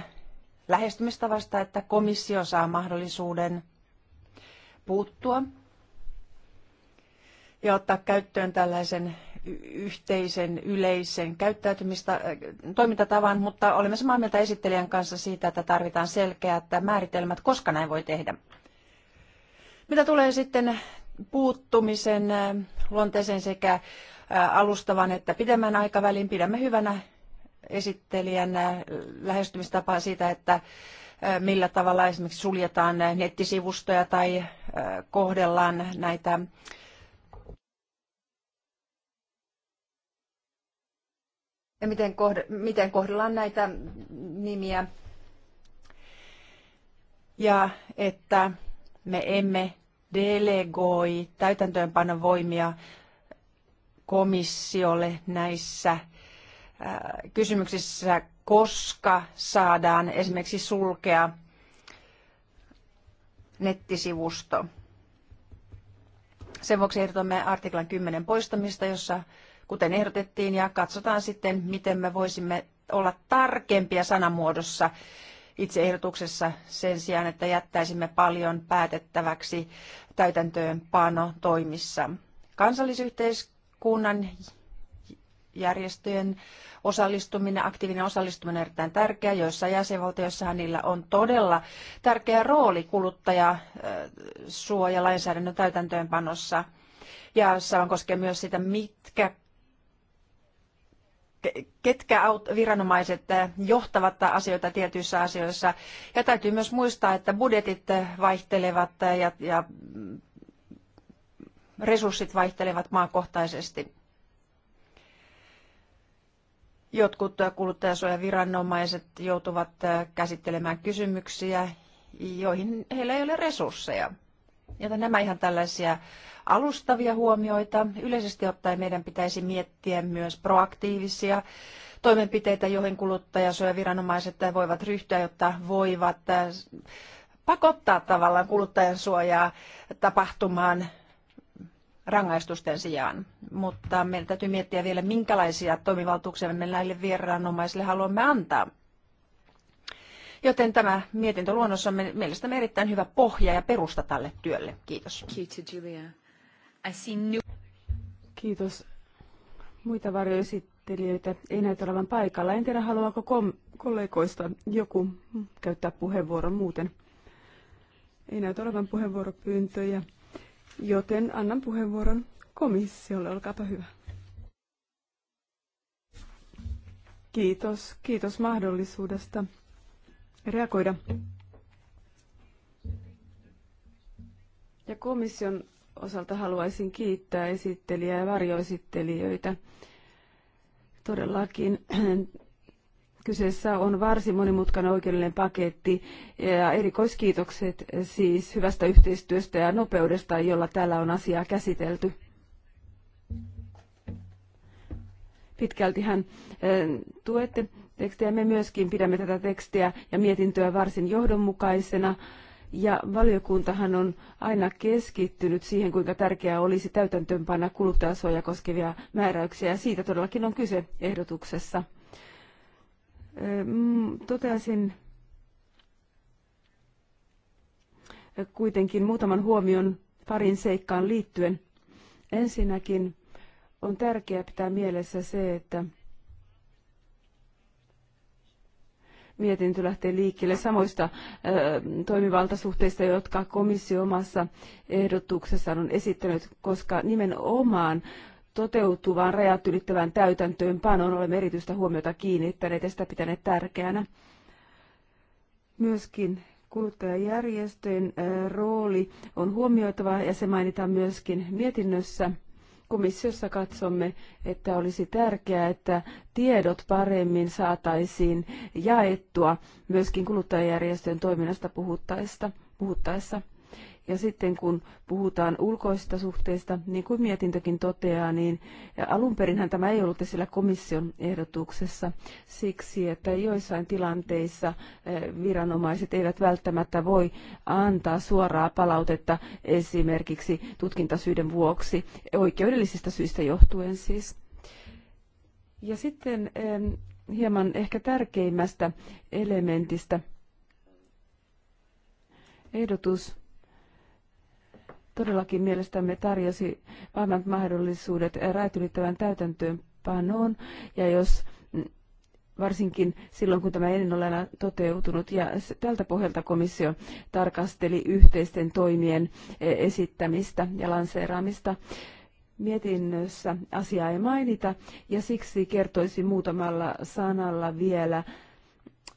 lähestymistavasta, että komissio saa mahdollisuuden puuttua ja ottaa käyttöön tällaisen yhteisen yleisen käyttäytymistä, äh, toimintatavan, mutta olemme samaa mieltä esittelijän kanssa siitä, että tarvitaan selkeät määritelmät, koska näin voi tehdä. Mitä tulee sitten puuttumisen äh, luonteeseen sekä äh, alustavan että pidemmän aikavälin, pidämme hyvänä esittelijän lähestymistapaa siitä, että millä tavalla esimerkiksi suljetaan nettisivustoja tai kohdellaan näitä ja miten, kohde, miten kohdellaan näitä nimiä. Ja että me emme delegoi täytäntöönpanovoimia komissiolle näissä äh, kysymyksissä, koska saadaan esimerkiksi sulkea nettisivusto. Sen vuoksi ehdotamme artiklan 10 poistamista, jossa kuten ehdotettiin, ja katsotaan sitten, miten me voisimme olla tarkempia sanamuodossa itse ehdotuksessa sen sijaan, että jättäisimme paljon päätettäväksi täytäntöönpano toimissa. Kansallisyhteiskunnan järjestöjen osallistuminen, aktiivinen osallistuminen on erittäin tärkeää. Joissain jäsenvaltioissahan niillä on todella tärkeä rooli kuluttajasuojalainsäädännön täytäntöönpanossa. Ja sama koskee myös sitä, mitkä ketkä viranomaiset eh, johtavat asioita tietyissä asioissa. Ja täytyy myös muistaa, että budjetit eh, vaihtelevat eh, ja, ja resurssit vaihtelevat maakohtaisesti. Jotkut kuluttajasuojaviranomaiset joutuvat käsittelemään kysymyksiä, joihin heillä ei ole resursseja. Joten nämä ihan tällaisia alustavia huomioita. Yleisesti ottaen meidän pitäisi miettiä myös proaktiivisia toimenpiteitä, joihin kuluttajasuojaviranomaiset voivat ryhtyä, jotta voivat äh, pakottaa tavallaan kuluttajansuojaa suojaa tapahtumaan rangaistusten sijaan. Mutta meidän täytyy miettiä vielä, minkälaisia toimivaltuuksia me näille viranomaisille haluamme antaa. Joten tämä mietintöluonnos on mielestäni erittäin hyvä pohja ja perusta tälle työlle. Kiitos. Kiitos Julia. Kiitos. Muita varjoesittelijöitä ei näytä olevan paikalla. En tiedä, haluaako kollegoista joku käyttää puheenvuoron muuten. Ei näytä olevan puheenvuoropyyntöjä, joten annan puheenvuoron komissiolle. Olkaapa hyvä. Kiitos. Kiitos mahdollisuudesta reagoida. Ja komission osalta haluaisin kiittää esittelijää ja varjoesittelijöitä. Todellakin Kyseessä on varsin monimutkainen oikeudellinen paketti ja erikoiskiitokset siis hyvästä yhteistyöstä ja nopeudesta, jolla täällä on asiaa käsitelty. Pitkältihän eh, tuette tekstiä. Me myöskin pidämme tätä tekstiä ja mietintöä varsin johdonmukaisena ja valiokuntahan on aina keskittynyt siihen, kuinka tärkeää olisi täytäntöönpanna kuluttajasuoja koskevia määräyksiä. Ja siitä todellakin on kyse ehdotuksessa. Mm, toteaisin kuitenkin muutaman huomion parin seikkaan liittyen. Ensinnäkin on tärkeää pitää mielessä se, että mietintö lähtee liikkeelle samoista toimivaltasuhteista, jotka komissio omassa ehdotuksessaan on esittänyt, koska nimenomaan toteutuvaan rajat ylittävään täytäntöönpanoon olemme erityistä huomiota kiinnittäneet ja sitä pitäneet tärkeänä. Myöskin kuluttajajärjestöjen rooli on huomioitava ja se mainitaan myöskin mietinnössä – Komissiossa katsomme, että olisi tärkeää, että tiedot paremmin saataisiin jaettua myöskin kuluttajajärjestöjen toiminnasta puhuttaessa. Ja sitten kun puhutaan ulkoisista suhteista, niin kuin mietintökin toteaa, niin alun perinhän tämä ei ollut esillä komission ehdotuksessa siksi, että joissain tilanteissa eh, viranomaiset eivät välttämättä voi antaa suoraa palautetta esimerkiksi tutkintasyiden vuoksi, oikeudellisista syistä johtuen siis. Ja sitten hieman ehkä tärkeimmästä elementistä. Ehdotus todellakin mielestämme tarjosi parhaat mahdollisuudet räätylittävän täytäntöönpanoon. Ja jos mm, varsinkin silloin, kun tämä ei ole toteutunut. Ja tältä pohjalta komissio tarkasteli yhteisten toimien e, esittämistä ja lanseeraamista. Mietinnössä asiaa ei mainita ja siksi kertoisin muutamalla sanalla vielä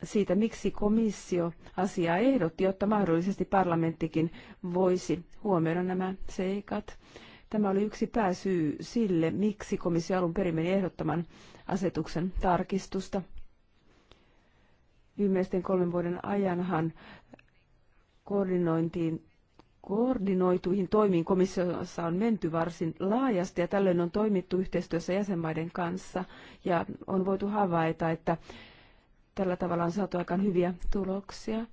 siitä, miksi komissio asiaa ehdotti, jotta mahdollisesti parlamenttikin voisi huomioida nämä seikat. Tämä oli yksi pääsyy sille, miksi komissio alun perin meni ehdottamaan asetuksen tarkistusta. Viimeisten kolmen vuoden ajanhan koordinointiin koordinoituihin toimiin komissiossa on menty varsin laajasti ja tällöin on toimittu yhteistyössä jäsenmaiden kanssa ja on voitu havaita, että Tällä tavalla on saatu aika hyviä tuloksia.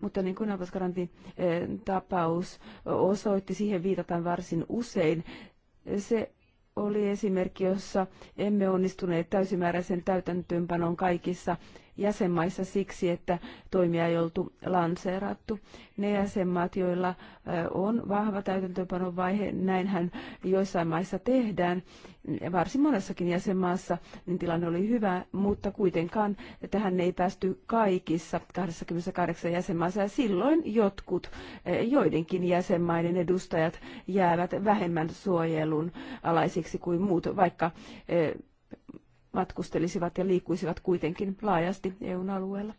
Mutta niin kuin Avaskarantin eh, tapaus osoitti, siihen viitataan varsin usein. Se oli esimerkki, jossa emme onnistuneet täysimääräisen täytäntöönpanon kaikissa jäsenmaissa siksi, että toimia ei oltu lanseerattu. Ne jäsenmaat, joilla on vahva täytäntöönpanon vaihe, näinhän joissain maissa tehdään. Varsin monessakin jäsenmaassa niin tilanne oli hyvä, mutta kuitenkaan tähän ei päästy kaikissa 28 jäsenmaassa ja silloin jotkut, joidenkin jäsenmaiden edustajat jäävät vähemmän suojelun alaisiksi kuin muut, vaikka matkustelisivat ja liikkuisivat kuitenkin laajasti EUn alueella.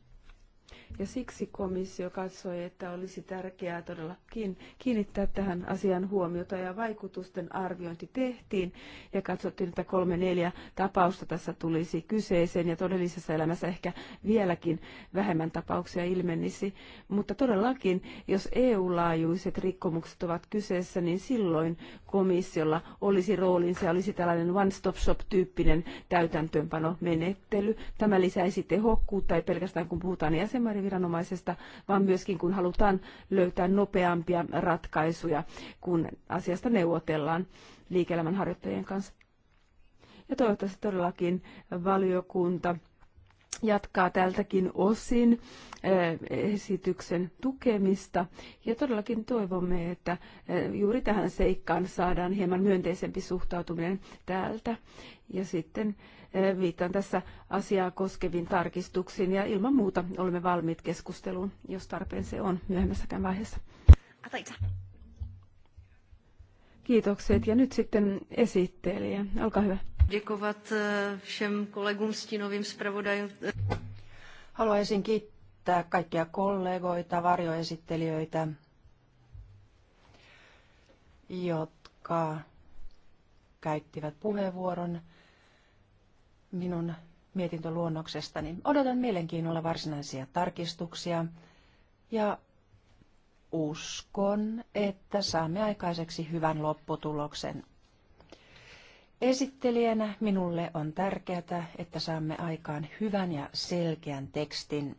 Ja siksi komissio katsoi, että olisi tärkeää todellakin kiinnittää tähän asian huomiota ja vaikutusten arviointi tehtiin ja katsottiin, että kolme neljä tapausta tässä tulisi kyseeseen ja todellisessa elämässä ehkä vieläkin vähemmän tapauksia ilmenisi. Mutta todellakin, jos EU-laajuiset rikkomukset ovat kyseessä, niin silloin komissiolla olisi roolinsa ja olisi tällainen one-stop-shop-tyyppinen täytäntöönpanomenettely. Tämä lisäisi tehokkuutta, ei pelkästään kun puhutaan jäsenmaiden sosiaaliviranomaisesta, vaan myöskin kun halutaan löytää nopeampia ratkaisuja, kun asiasta neuvotellaan liike-elämän harjoittajien kanssa. Ja toivottavasti todellakin valiokunta jatkaa tältäkin osin eh, esityksen tukemista. Ja todellakin toivomme, että eh, juuri tähän seikkaan saadaan hieman myönteisempi suhtautuminen täältä. Ja sitten Eh, viittaan tässä asiaa koskeviin tarkistuksiin ja ilman muuta olemme valmiit keskusteluun, jos tarpeen se on myöhemmässäkään vaiheessa. Kiitokset ja nyt sitten esittelijä. Olkaa hyvä. Děkovat eh, všem stínovým zpravodajům. Haluaisin kiittää kaikkia kollegoita, varjoesittelijöitä, jotka käyttivät puheenvuoron minun mietintöluonnoksestani. Odotan mielenkiinnolla varsinaisia tarkistuksia ja uskon, että saamme aikaiseksi hyvän lopputuloksen. Esittelijänä minulle on tärkeää, että saamme aikaan hyvän ja selkeän tekstin.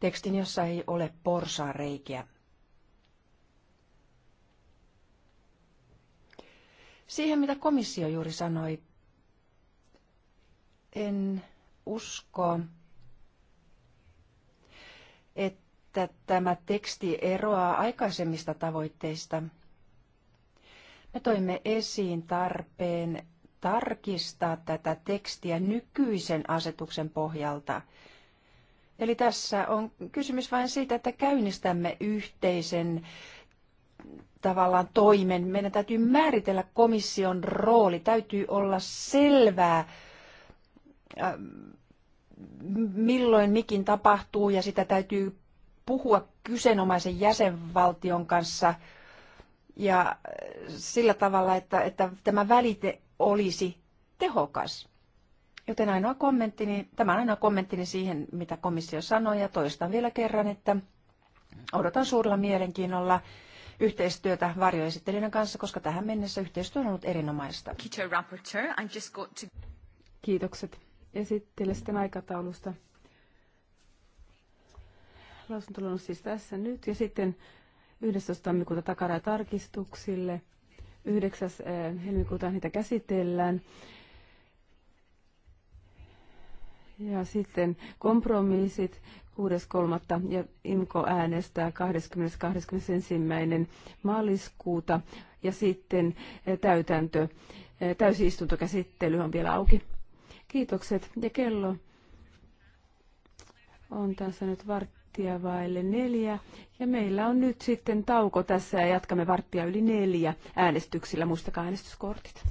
Tekstin, jossa ei ole porssa-reikiä. Siihen, mitä komissio juuri sanoi, en usko, että tämä teksti eroaa aikaisemmista tavoitteista. Me toimme esiin tarpeen tarkistaa tätä tekstiä nykyisen asetuksen pohjalta. Eli tässä on kysymys vain siitä, että käynnistämme yhteisen tavallaan toimen. Meidän täytyy määritellä komission rooli, täytyy olla selvää, Äh, milloin mikin tapahtuu ja sitä täytyy puhua kyseenomaisen jäsenvaltion kanssa ja äh, sillä tavalla, että, että tämä välite olisi tehokas. Joten ainoa kommenttini, tämä on ainoa kommenttini siihen, mitä komissio sanoi, ja toistan vielä kerran, että odotan suurella mielenkiinnolla yhteistyötä varjoesittelijän kanssa, koska tähän mennessä yhteistyö on ollut erinomaista. Kiitokset esittele sitten aikataulusta. Lausunto on siis tässä nyt ja sitten 11. tammikuuta takaraja tarkistuksille. 9. Eh, helmikuuta niitä käsitellään. Ja sitten kompromissit 6.3. ja IMKO äänestää 20.21. maaliskuuta ja sitten eh, täytäntö, eh, täysistuntokäsittely on vielä auki. Kiitokset. Ja kello on tässä nyt varttia vaille neljä. Ja meillä on nyt sitten tauko tässä ja jatkamme varttia yli neljä äänestyksillä. Muistakaa äänestyskortit.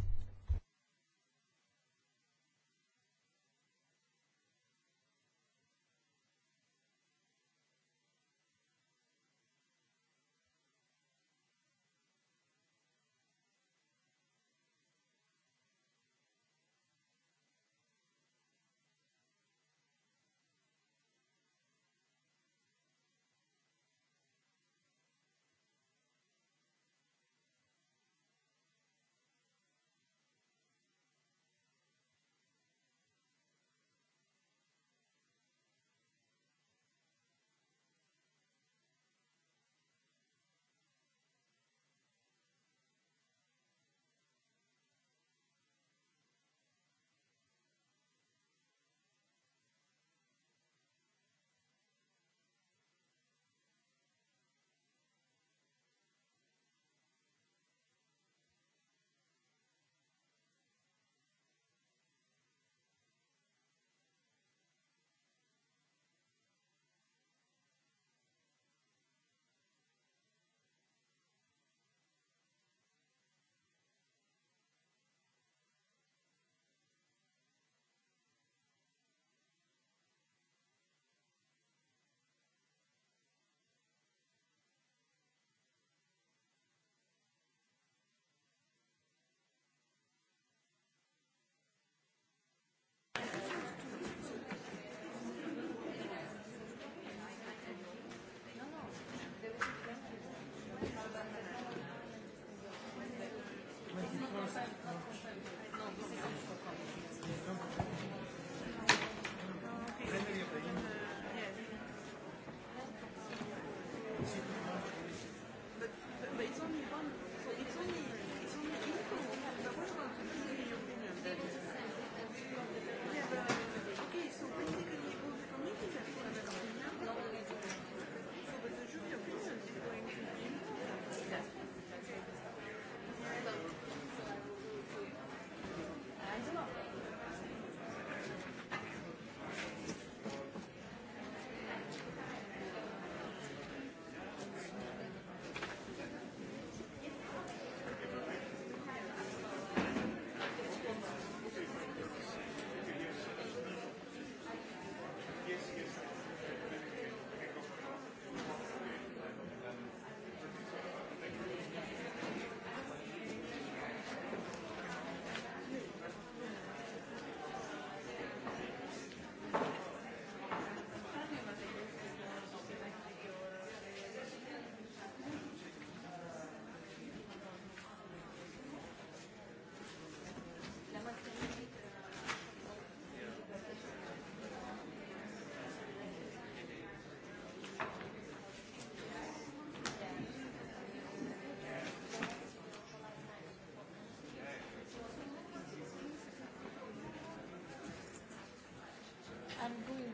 I'm doing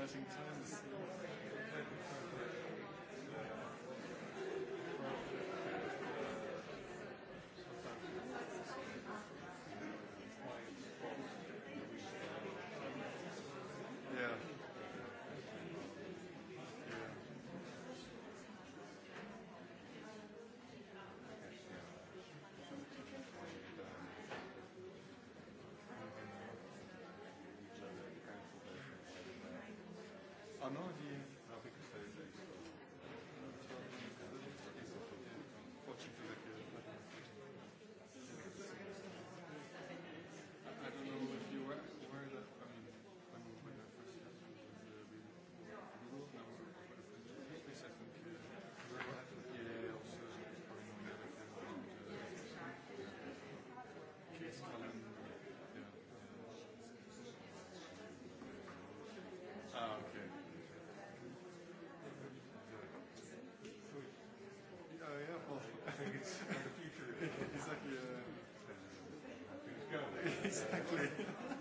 Flushing Thames. Ah non, think it's the future. exactly. Uh, exactly.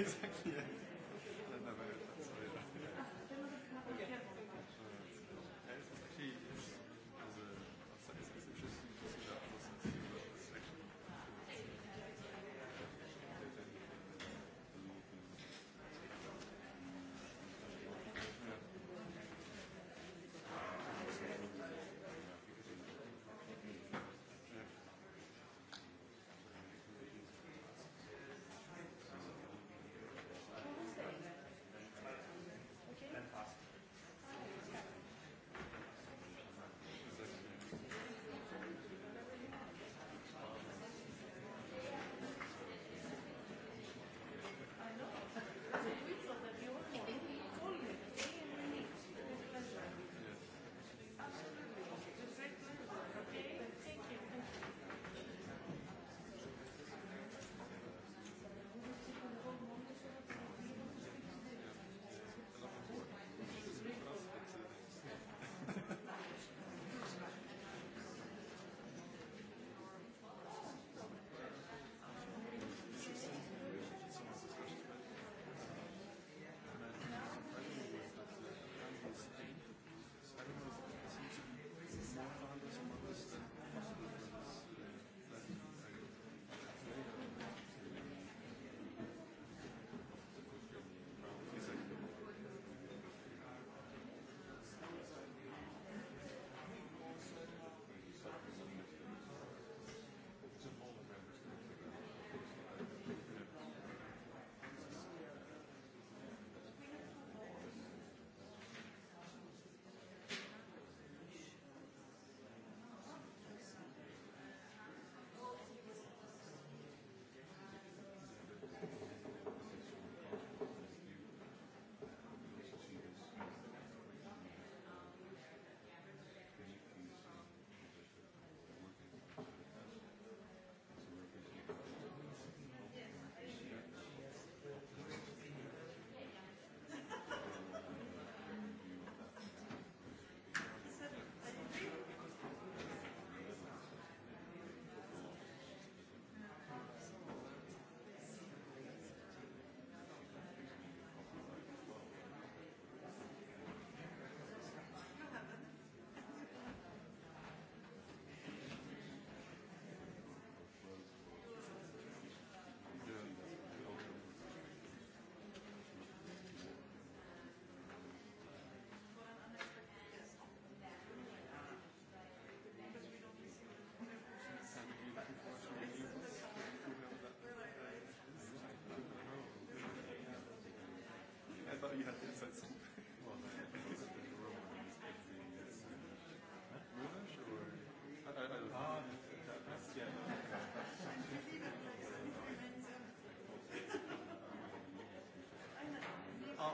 exactly.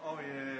Oh yeah.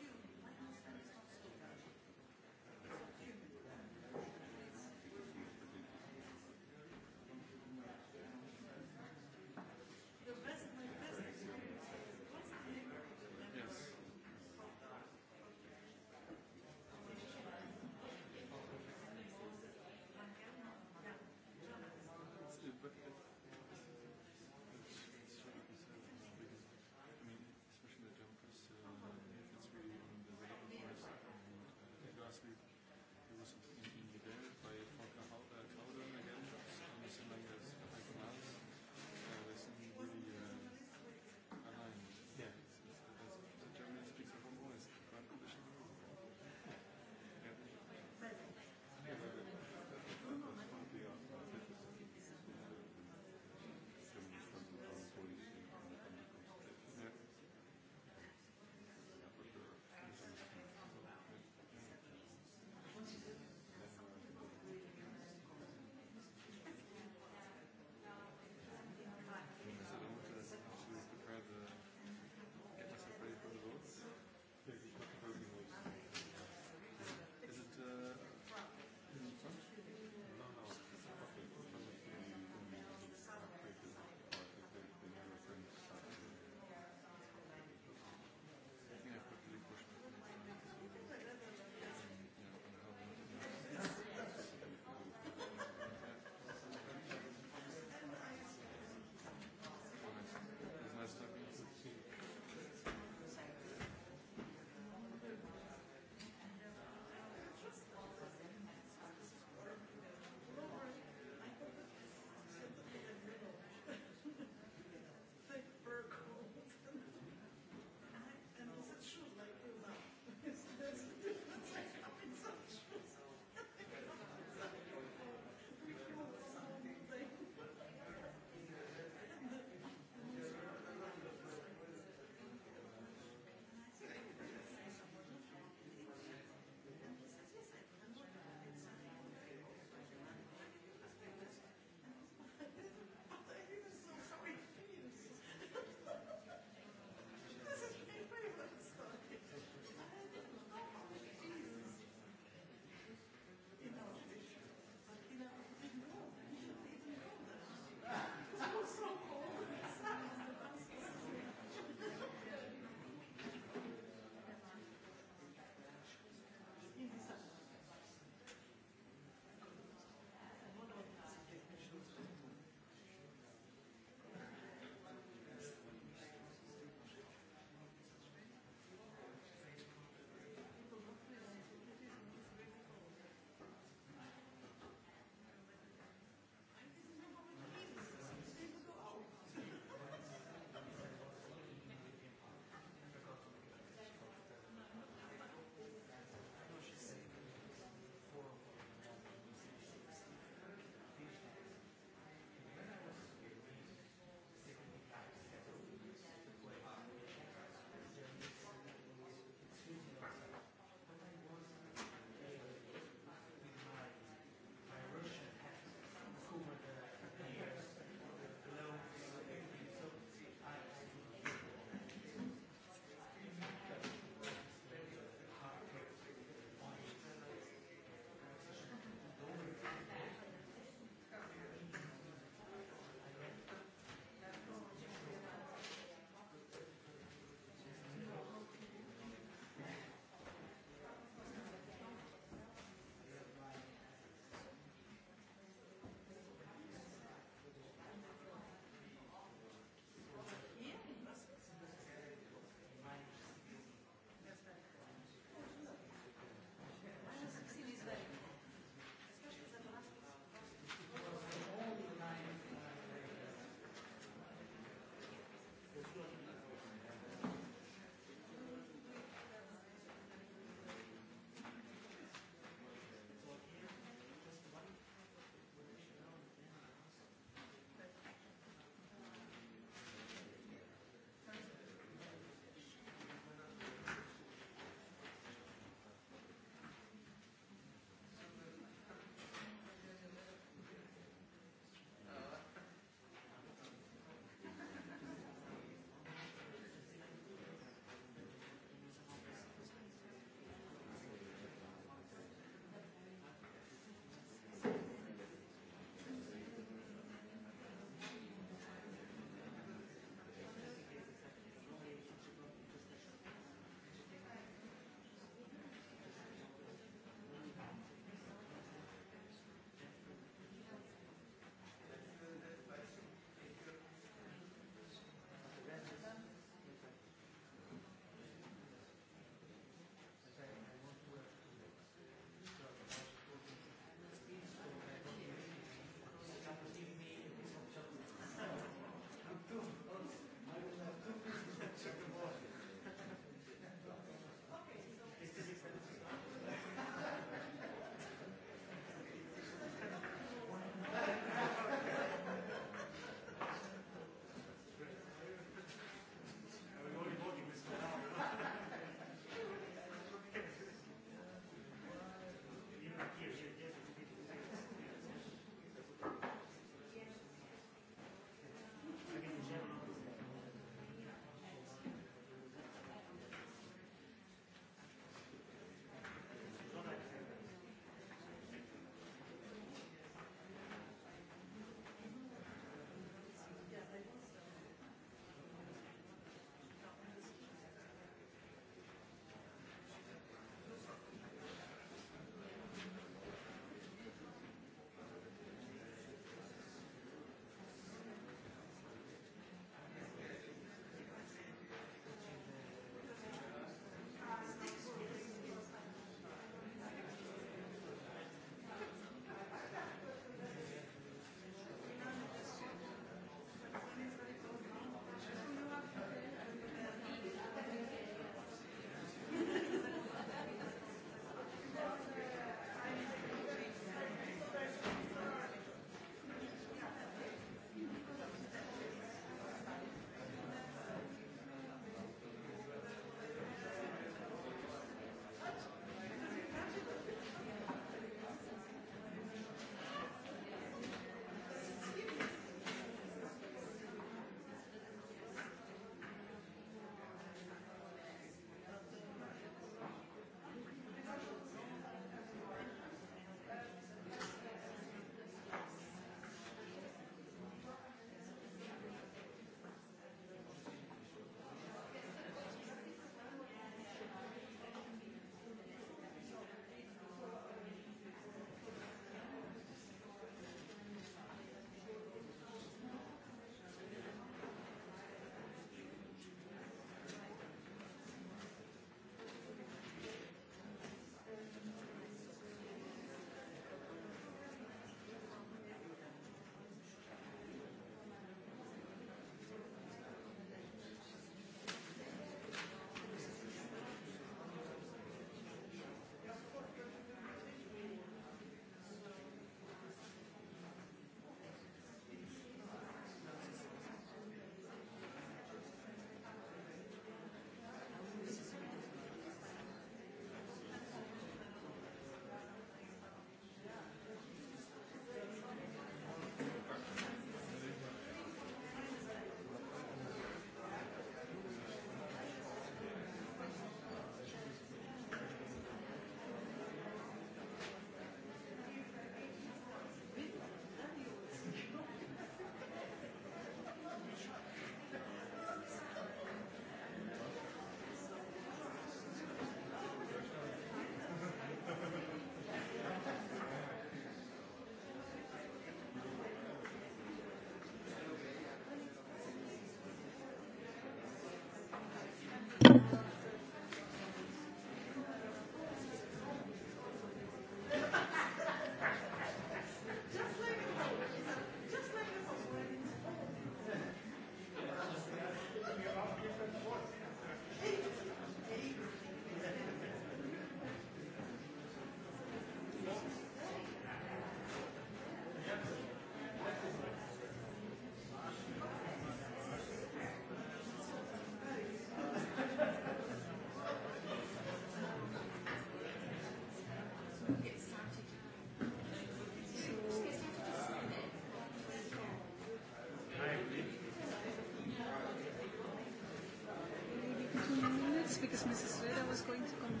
Because Mrs. Reda was going to come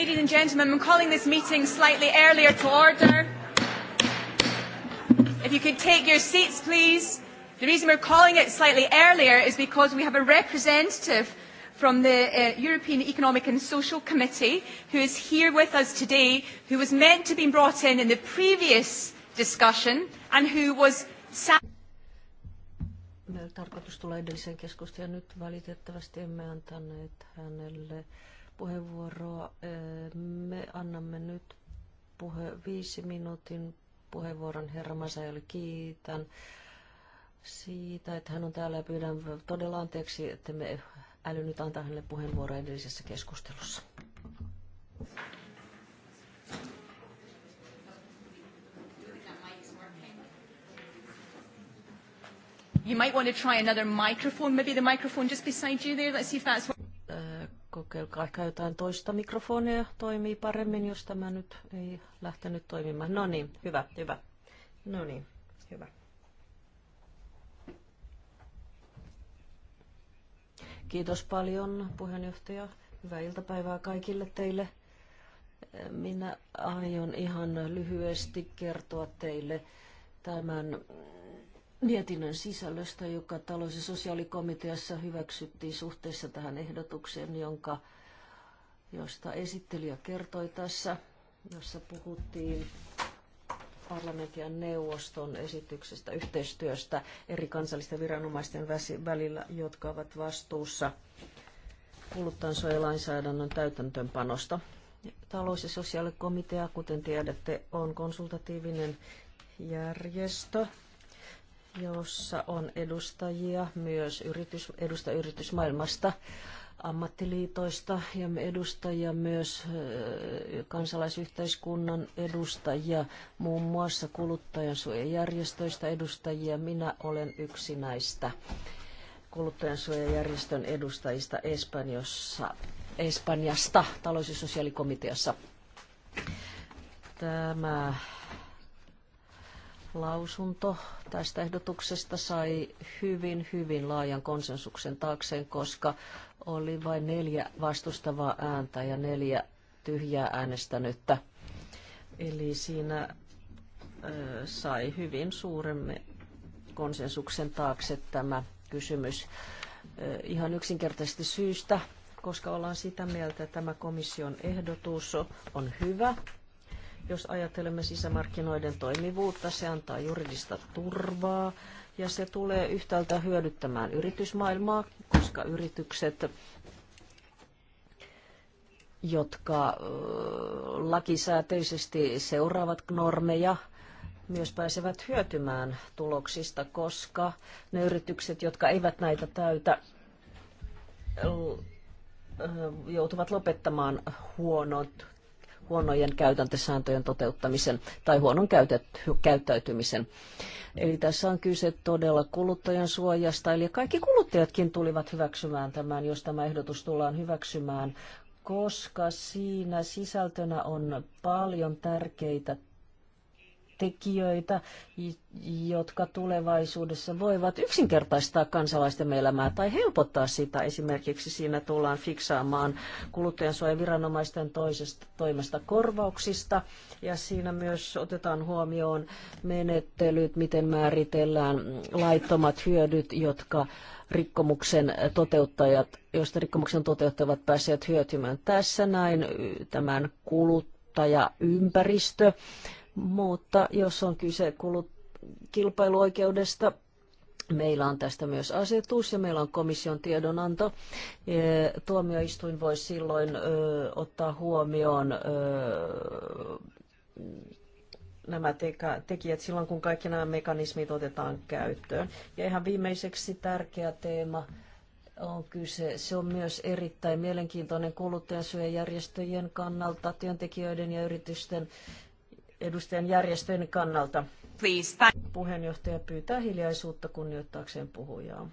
Ladies and gentlemen, I'm calling this meeting slightly earlier to order. If you could take your seats, please. The reason we're calling it slightly earlier is because we have a representative from the uh, European Economic and Social Committee who is here with us today, who was meant to be brought in in the previous discussion and who was... Meillä tarkoitus tulla edelliseen keskusteluun ja nyt valitettavasti emme antaneet hänelle puheenvuoroa. Me annamme nyt puhe, viisi minuutin puheenvuoron herra Masajalle. Kiitän siitä, että hän on täällä ja pyydän todella anteeksi, että me äly nyt antaa hänelle puheenvuoroa edellisessä keskustelussa. You might want to try another microphone, maybe the microphone just beside you there. Let's see if that's Kokeilkaa ehkä jotain toista mikrofonia. Toimii paremmin, jos tämä nyt ei lähtenyt toimimaan. No niin, hyvä, hyvä. No niin, hyvä. Kiitos paljon puheenjohtaja. Hyvää iltapäivää kaikille teille. Minä aion ihan lyhyesti kertoa teille tämän mietinnön sisällöstä, joka talous- ja sosiaalikomiteassa hyväksyttiin suhteessa tähän ehdotukseen, jonka, josta esittelijä kertoi tässä, jossa puhuttiin parlamentin ja neuvoston esityksestä yhteistyöstä eri kansallisten viranomaisten välillä, jotka ovat vastuussa kuluttajansuojalainsäädännön täytäntöönpanosta. Talous- ja sosiaalikomitea, kuten tiedätte, on konsultatiivinen järjestö, jossa on edustajia myös yritys, edusta yritysmaailmasta, ammattiliitoista ja edustajia myös kansalaisyhteiskunnan edustajia, muun muassa kuluttajansuojajärjestöistä edustajia. Minä olen yksi näistä kuluttajansuojajärjestön edustajista Espanjassa, Espanjasta talous- ja sosiaalikomiteassa. Tämä lausunto tästä ehdotuksesta sai hyvin, hyvin laajan konsensuksen taakseen, koska oli vain neljä vastustavaa ääntä ja neljä tyhjää äänestänyttä. Eli siinä sai hyvin suuremme konsensuksen taakse tämä kysymys ihan yksinkertaisesti syystä, koska ollaan sitä mieltä, että tämä komission ehdotus on hyvä jos ajattelemme sisämarkkinoiden toimivuutta, se antaa juridista turvaa ja se tulee yhtäältä hyödyttämään yritysmaailmaa, koska yritykset jotka lakisääteisesti seuraavat normeja, myös pääsevät hyötymään tuloksista, koska ne yritykset, jotka eivät näitä täytä, joutuvat lopettamaan huonot huonojen käytäntösääntöjen toteuttamisen tai huonon käyttäytymisen. Eli tässä on kyse todella kuluttajan suojasta, eli kaikki kuluttajatkin tulivat hyväksymään tämän, jos tämä ehdotus tullaan hyväksymään, koska siinä sisältönä on paljon tärkeitä tekijöitä, jotka tulevaisuudessa voivat yksinkertaistaa kansalaisten elämää tai helpottaa sitä. Esimerkiksi siinä tullaan fiksaamaan kuluttajansuojaviranomaisten toisesta toimesta korvauksista ja siinä myös otetaan huomioon menettelyt, miten määritellään laittomat hyödyt, jotka rikkomuksen toteuttajat, joista rikkomuksen toteuttajat pääsevät hyötymään. Tässä näin tämän kuluttajaympäristö mutta jos on kyse kulut kilpailuoikeudesta, Meillä on tästä myös asetus ja meillä on komission tiedonanto. Tuomioistuin voi silloin ö, ottaa huomioon ö, nämä tekijät silloin, kun kaikki nämä mekanismit otetaan käyttöön. Ja ihan viimeiseksi tärkeä teema on kyse. Se on myös erittäin mielenkiintoinen kuluttajansuojajärjestöjen kannalta, työntekijöiden ja yritysten edustajan järjestöjen kannalta. Please. Puheenjohtaja pyytää hiljaisuutta kunnioittaakseen puhujaa.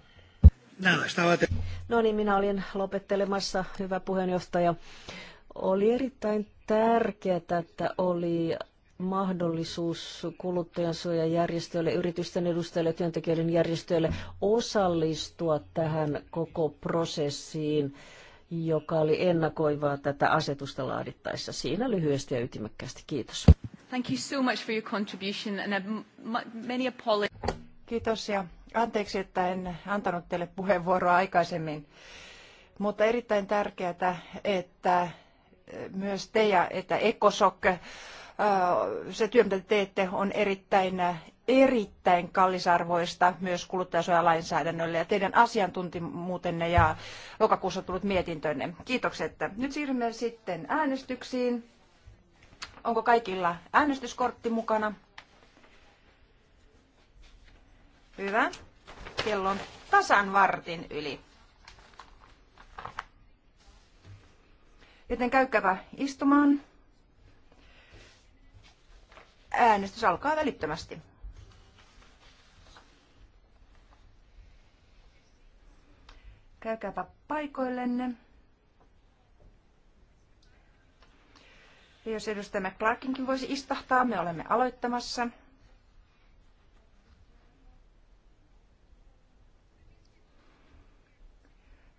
No niin, minä olin lopettelemassa, hyvä puheenjohtaja. Oli erittäin tärkeää, että oli mahdollisuus kuluttajansuojajärjestöille, yritysten edustajille, työntekijöiden järjestöille osallistua tähän koko prosessiin, joka oli ennakoivaa tätä asetusta laadittaessa. Siinä lyhyesti ja ytimekkäästi. Kiitos. Thank you so much for your contribution and many apologies. Kiitos ja anteeksi, että en antanut teille puheenvuoroa aikaisemmin. Mutta erittäin tärkeää, että eh, myös te ja että ECOSOC, eh, se työ, mitä te teette, on erittäin eh, erittäin kallisarvoista myös kuluttajasuojalainsäädännölle ja teidän asiantuntimuutenne ja lokakuussa tullut mietintönne. Kiitokset. Nyt siirrymme sitten äänestyksiin. Onko kaikilla äänestyskortti mukana? Hyvä. Kello on tasan vartin yli. Joten käykääpä istumaan. Äänestys alkaa välittömästi. Käykääpä paikoillenne. Ja jos edustaja McClarkinkin voisi istahtaa, me olemme aloittamassa.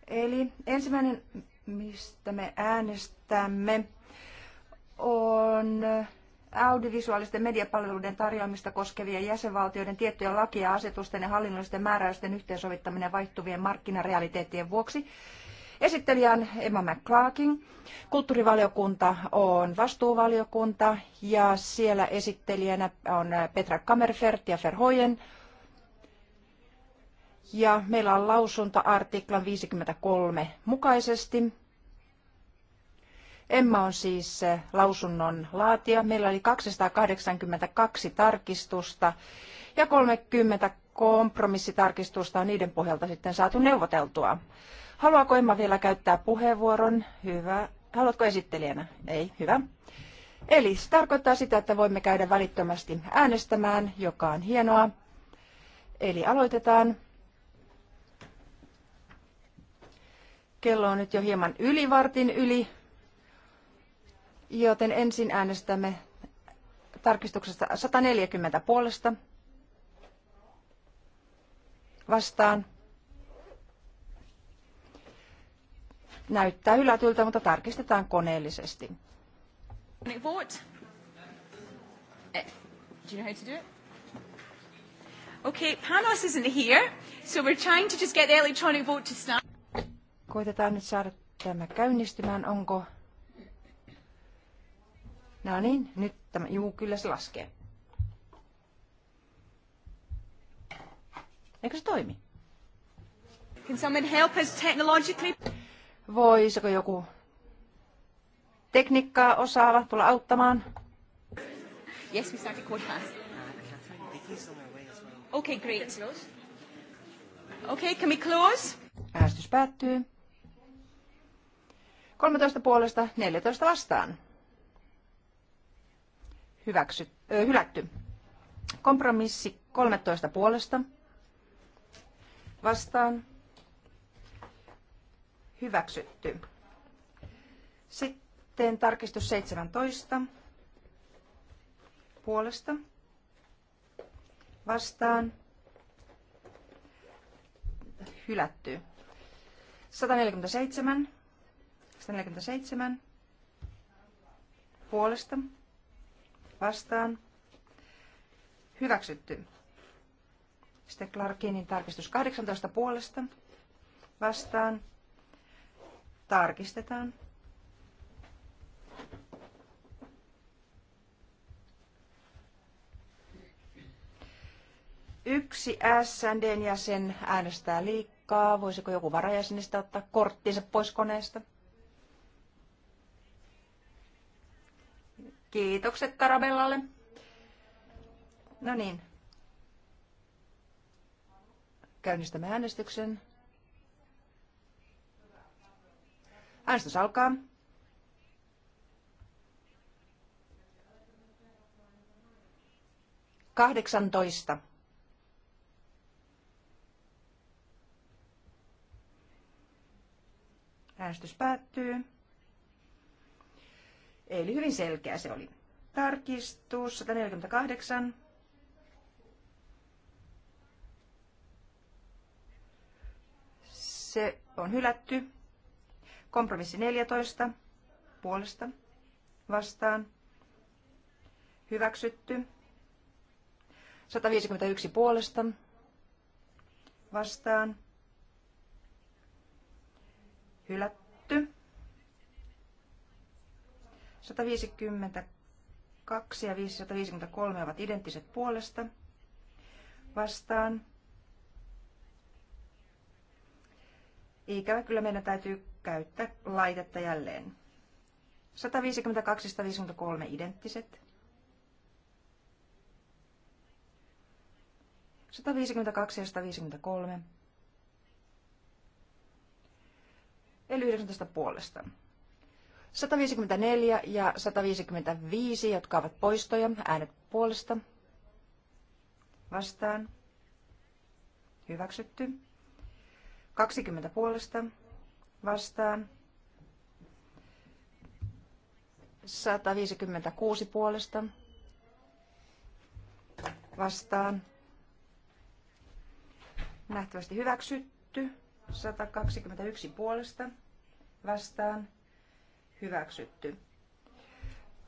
Eli ensimmäinen, mistä me äänestämme, on audiovisuaalisten mediapalveluiden tarjoamista koskevien jäsenvaltioiden tiettyjen lakia, asetusten ja hallinnollisten määräysten yhteensovittaminen vaihtuvien markkinarealiteettien vuoksi Esittelijän Emma McClarkin. Kulttuurivaliokunta on vastuuvaliokunta ja siellä esittelijänä on Petra Kammerfert ja Verhoyen. Ja meillä on lausunta artiklan 53 mukaisesti. Emma on siis eh, lausunnon laatija. Meillä oli 282 tarkistusta ja 30 kompromissitarkistusta on niiden pohjalta sitten saatu neuvoteltua. Haluaako Emma vielä käyttää puheenvuoron? Hyvä. Haluatko esittelijänä? Ei, hyvä. Eli se tarkoittaa sitä, että voimme käydä välittömästi äänestämään, joka on hienoa. Eli aloitetaan. Kello on nyt jo hieman yli vartin yli, joten ensin äänestämme tarkistuksesta 140 puolesta vastaan Näyttää hylätyltä, mutta tarkistetaan koneellisesti. Eh, Koitetaan nyt saada tämä käynnistymään. Onko... No niin, nyt tämä... Juu, kyllä se laskee. Eikö se toimi? Can someone help us technologically? Voisiko joku tekniikkaa osaava tulla auttamaan? Yes, we start quarter past. Okay, great. Okay, can we close? Äänestys päättyy. 13 puolesta, 14 vastaan. Hyväksy, ö, hylätty. Kompromissi 13 puolesta. Vastaan hyväksytty. Sitten tarkistus 17 puolesta vastaan hylätty. 147 147 puolesta vastaan hyväksytty. Sitten Clarkinin tarkistus 18 puolesta vastaan Tarkistetaan. Yksi snd jäsen äänestää liikaa. Voisiko joku varajäsenistä ottaa korttinsa pois koneesta? Kiitokset Tarabellalle. No niin. Käynnistämme äänestyksen. Äänestys alkaa. Kahdeksantoista. Äänestys päättyy. Eli hyvin selkeä se oli. Tarkistus 148. Se on hylätty. Kompromissi 14 puolesta vastaan. Hyväksytty. 151 puolesta vastaan. Hylätty. 152 ja 553 ovat identtiset puolesta vastaan. Ikävä kyllä meidän täytyy käyttää laitetta jälleen. 152-153 identtiset. 152 153. Eli 19 puolesta. 154 ja 155, jotka ovat poistoja, äänet puolesta. Vastaan. Hyväksytty. 20 puolesta vastaan. 156 puolesta vastaan. Nähtävästi hyväksytty. 121 puolesta vastaan. Hyväksytty.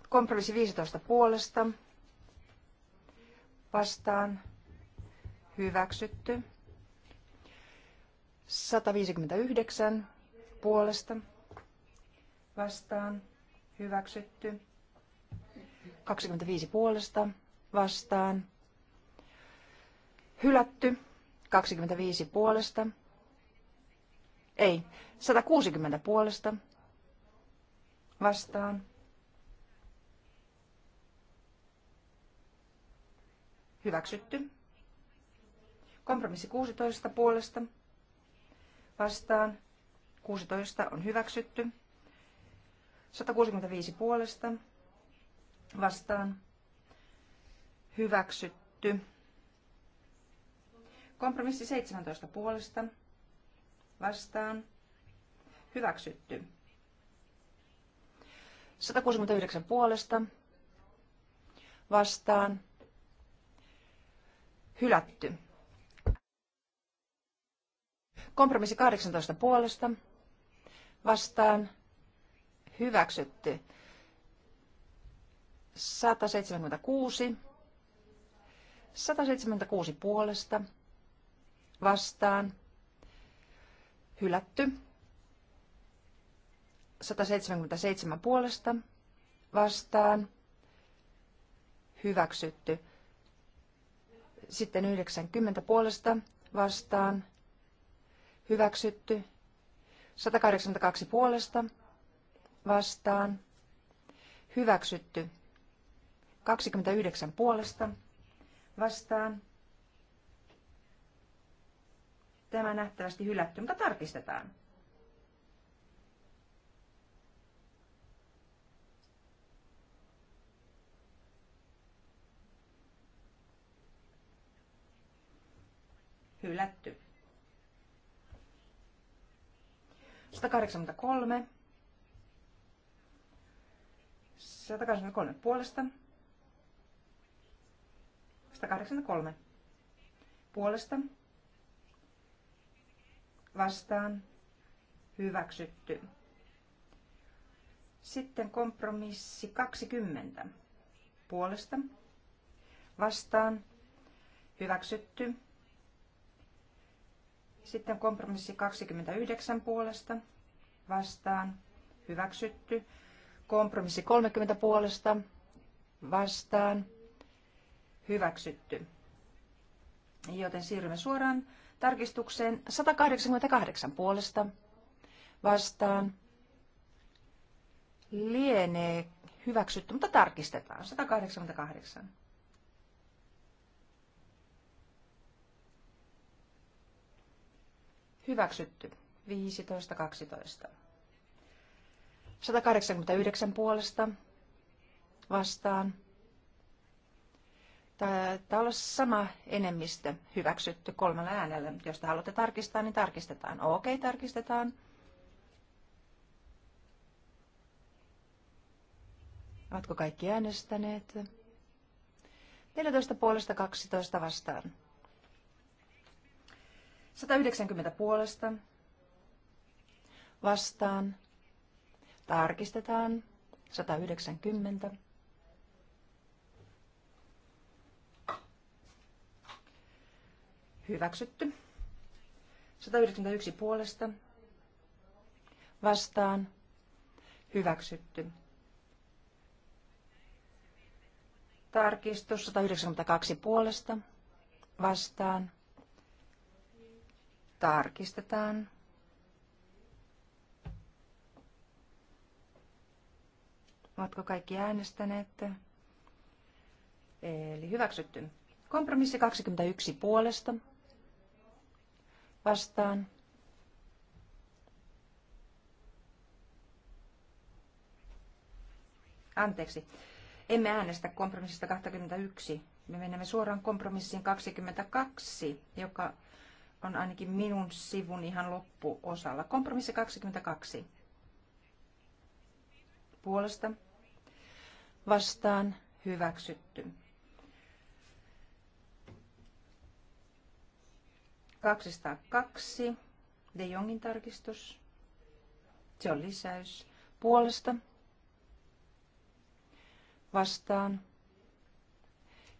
Kompromissi 15 puolesta vastaan. Hyväksytty. 159 puolesta vastaan hyväksytty. 25 puolesta vastaan hylätty. 25 puolesta. Ei, 160 puolesta vastaan. Hyväksytty. Kompromissi 16 puolesta vastaan. 16 on hyväksytty. 165 puolesta vastaan hyväksytty. Kompromissi 17 puolesta vastaan hyväksytty. 169 puolesta vastaan hylätty. Kompromissi 18 puolesta vastaan hyväksytty. 176. 176 puolesta vastaan hylätty. 177 puolesta vastaan hyväksytty. Sitten 90 puolesta vastaan hyväksytty. 182 puolesta vastaan. Hyväksytty. 29 puolesta vastaan. Tämä nähtävästi hylätty, mutta tarkistetaan. Hylätty. 183. 183 puolesta. 183 puolesta. Vastaan. Hyväksytty. Sitten kompromissi 20 puolesta. Vastaan. Hyväksytty. Sitten kompromissi 29 puolesta vastaan hyväksytty. Kompromissi 30 puolesta vastaan hyväksytty. Joten siirrymme suoraan tarkistukseen 188 puolesta vastaan. Lienee hyväksytty, mutta tarkistetaan. 188. Hyväksytty. 15.12. 189 puolesta vastaan. Tämä on sama enemmistö hyväksytty kolmella äänellä. Jos te haluatte tarkistaa, niin tarkistetaan. OK, tarkistetaan. Oletko kaikki äänestäneet? 14 puolesta 12 vastaan. 190 puolesta vastaan. Tarkistetaan. 190. Hyväksytty. 191 puolesta. Vastaan. Hyväksytty. Tarkistus 192 puolesta. Vastaan. Tarkistetaan. Ovatko kaikki äänestäneet? Eli hyväksytty. Kompromissi 21 puolesta. Vastaan. Anteeksi. Emme äänestä kompromissista 21. Me menemme suoraan kompromissiin 22, joka on ainakin minun sivun ihan loppuosalla. Kompromissi 22. Puolesta vastaan hyväksytty. 202. De Jongin tarkistus. Se on lisäys. Puolesta vastaan.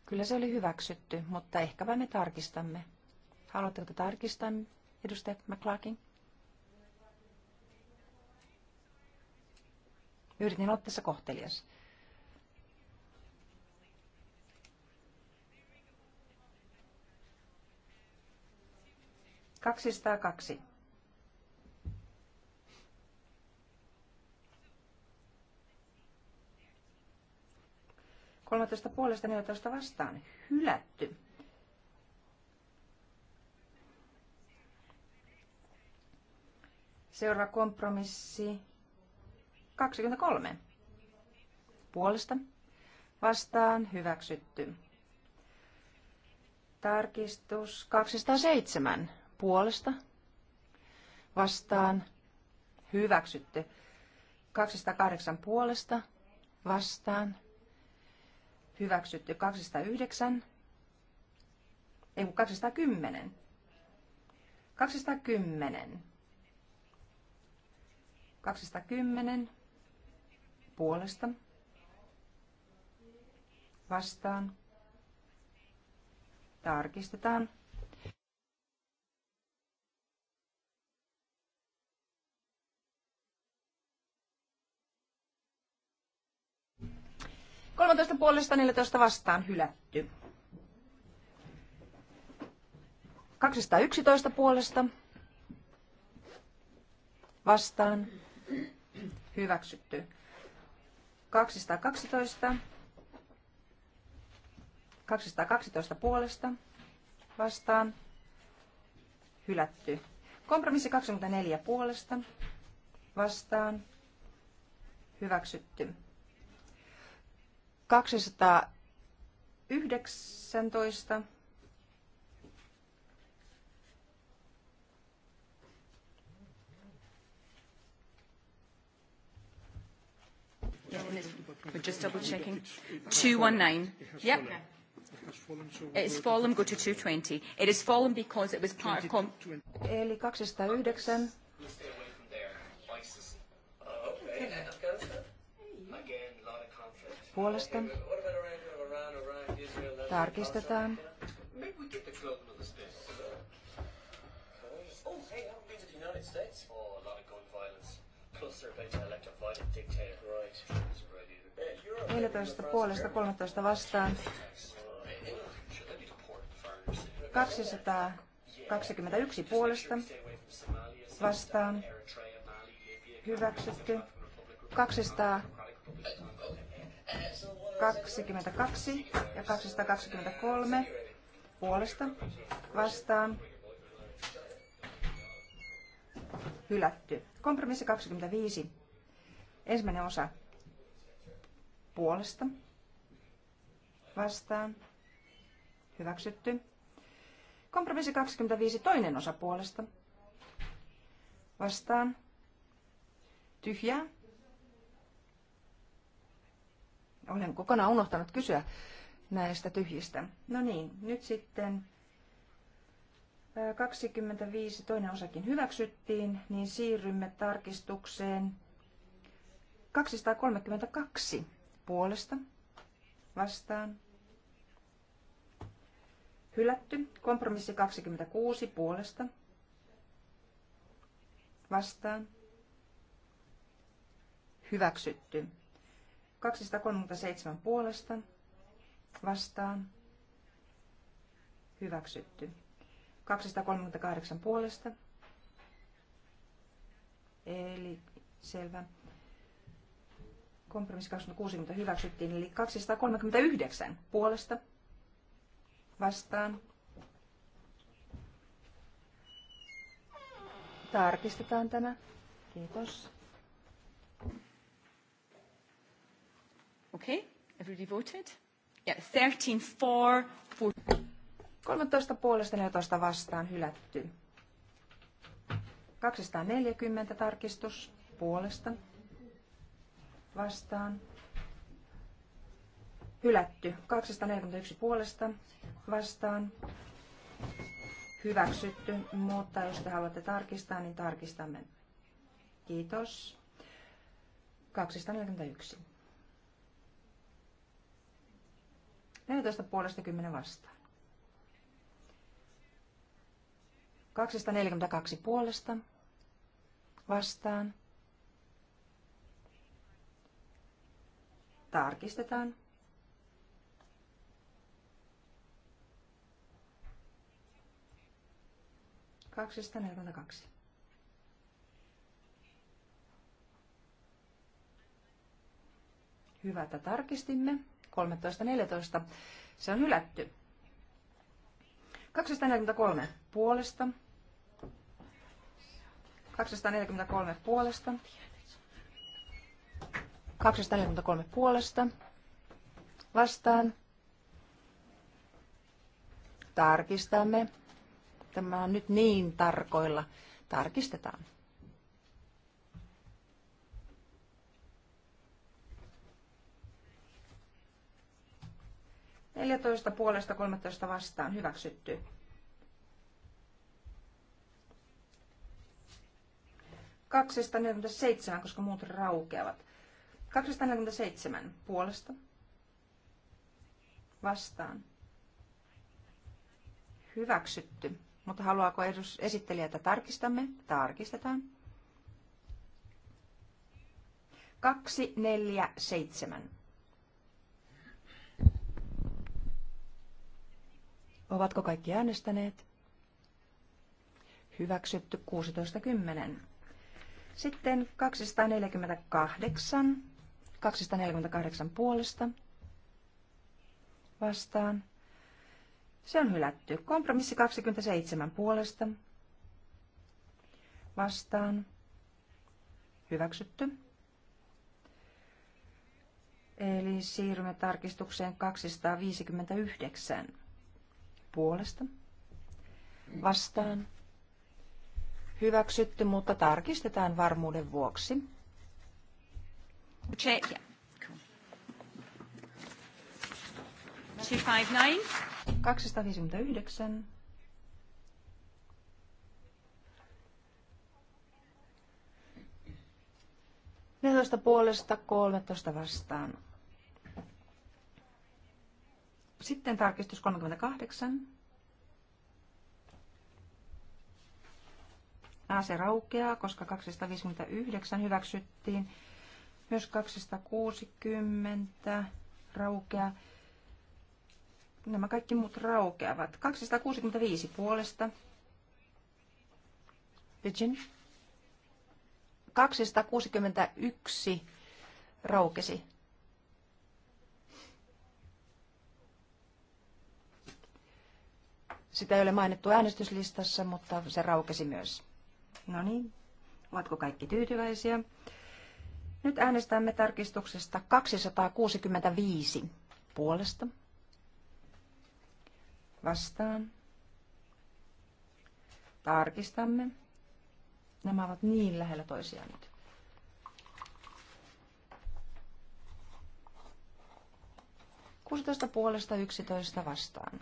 Kyllä se oli hyväksytty, mutta ehkäpä me tarkistamme. Haluatteko tarkistaa, edustaja McClarkin? Yritin olla tässä kohtelias. kaksi. Kolmatoista puolesta 14 vastaan. Hylätty. Seuraava kompromissi 23. Puolesta vastaan hyväksytty. Tarkistus 207. Puolesta vastaan hyväksytty. 208 puolesta vastaan hyväksytty. 209 ei kun 210. 210 210 puolesta vastaan. Tarkistetaan. Kolmatoista puolesta 14 vastaan hylätty. 211 puolesta vastaan Hyväksytty. 212. 212 puolesta vastaan. Hylätty. Kompromissi 24 puolesta vastaan. Hyväksytty. 219 we're just double checking. 219. Yep. It's fallen, go to 220. It is fallen because it was part of... Com- Eli 209. Puolesta. Tarkistetaan. Oh, hey, I'm going to the United States. 14 uh, puolesta 13 vastaan. 221 puolesta vastaan. Hyväksytty. 222 ja 223 puolesta vastaan hylätty. Kompromissi 25. Ensimmäinen osa puolesta vastaan hyväksytty. Kompromissi 25 toinen osa puolesta vastaan tyhjää. Olen kokonaan unohtanut kysyä näistä tyhjistä. No niin, nyt sitten 25 toinen osakin hyväksyttiin, niin siirrymme tarkistukseen 232 puolesta vastaan. Hylätty. Kompromissi 26 puolesta vastaan. Hyväksytty. 237 puolesta vastaan. Hyväksytty. 238 puolesta. Eli selvä. Kompromissi 260 hyväksyttiin, eli 239 puolesta vastaan. Tarkistetaan tämä. Kiitos. Okay, everybody voted? Yeah, 13 4, 4. 13 puolesta 14 vastaan hylätty. 240 tarkistus puolesta vastaan hylätty. 241 puolesta vastaan hyväksytty, mutta jos te haluatte tarkistaa, niin tarkistamme. Kiitos. 241. 14 puolesta 10 vastaan. 242 puolesta vastaan. Tarkistetaan. Kaksista kaksi. Hyvä, että tarkistimme. 13.14. Se on hylätty. 243 puolesta 243 puolesta. 243 puolesta. Vastaan. Tarkistamme. Tämä on nyt niin tarkoilla. Tarkistetaan. Neljätoista puolesta kolmetoista vastaan hyväksytty. 247, koska muut raukeavat. 247 puolesta. Vastaan. Hyväksytty. Mutta haluaako esittelijä, että tarkistamme? Tarkistetaan. 247. Ovatko kaikki äänestäneet? Hyväksytty 16.10. Sitten 248, 248 puolesta vastaan. Se on hylätty. Kompromissi 27 puolesta vastaan. Hyväksytty. Eli siirrymme tarkistukseen 259 puolesta vastaan hyväksytty, mutta tarkistetaan varmuuden vuoksi. Check. 259. Neljätoista puolesta, 13 vastaan. Sitten tarkistus 38. se raukeaa, koska 259 hyväksyttiin. Myös 260 raukeaa. Nämä kaikki muut raukeavat. 265 puolesta. Pidgin. 261 raukesi. Sitä ei ole mainittu äänestyslistassa, mutta se raukesi myös. No niin, ovatko kaikki tyytyväisiä? Nyt äänestämme tarkistuksesta 265 puolesta. Vastaan. Tarkistamme. Nämä ovat niin lähellä toisiaan nyt. puolesta 11 vastaan.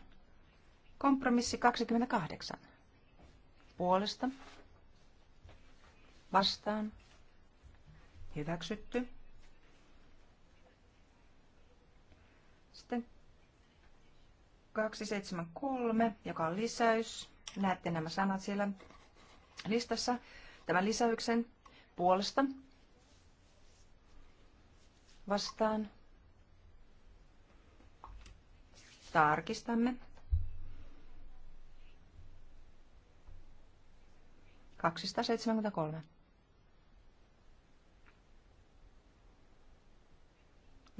Kompromissi 28. Puolesta vastaan, hyväksytty. Sitten 273, joka on lisäys. Näette nämä sanat siellä listassa. Tämän lisäyksen puolesta vastaan. Tarkistamme. 273.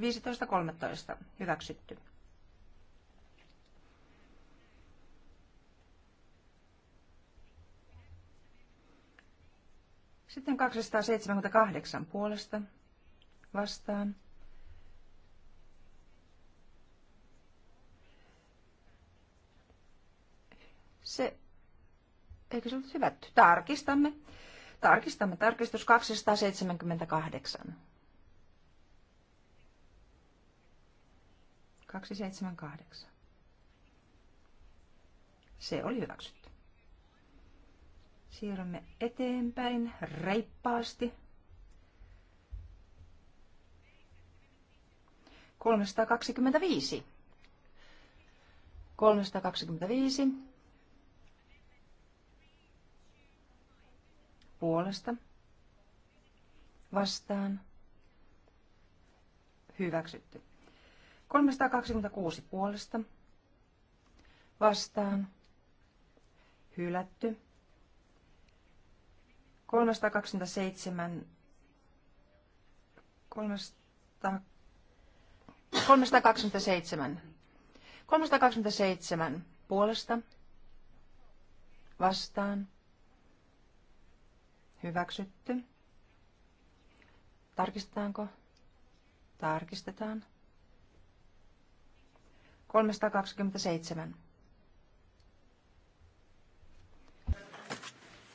15.13. Hyväksytty. Sitten 278 puolesta vastaan. Se, eikö se ollut hyvätty? Tarkistamme. Tarkistamme. Tarkistus 278. 278. Se oli hyväksytty. Siirrymme eteenpäin reippaasti. 325. 325 puolesta vastaan hyväksytty. 326 puolesta vastaan hylätty. 327 327 327 puolesta vastaan hyväksytty. Tarkistetaanko? Tarkistetaan. 327.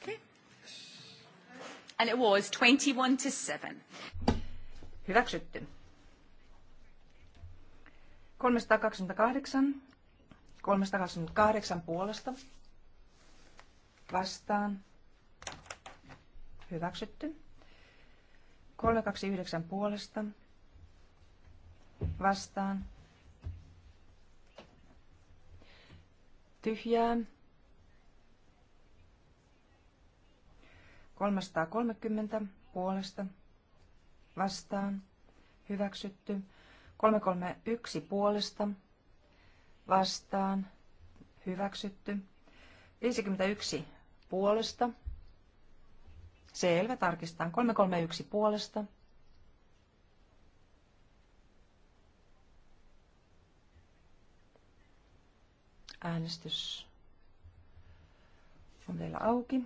Okay. And it was 21 to 7. Hyväksytty. 328. 328 puolesta. Vastaan. Hyväksytty. 329 puolesta. Vastaan tyhjää. 330 puolesta vastaan hyväksytty. 331 puolesta vastaan hyväksytty. 51 puolesta. Selvä, tarkistetaan. 331 puolesta Äänestys on vielä auki.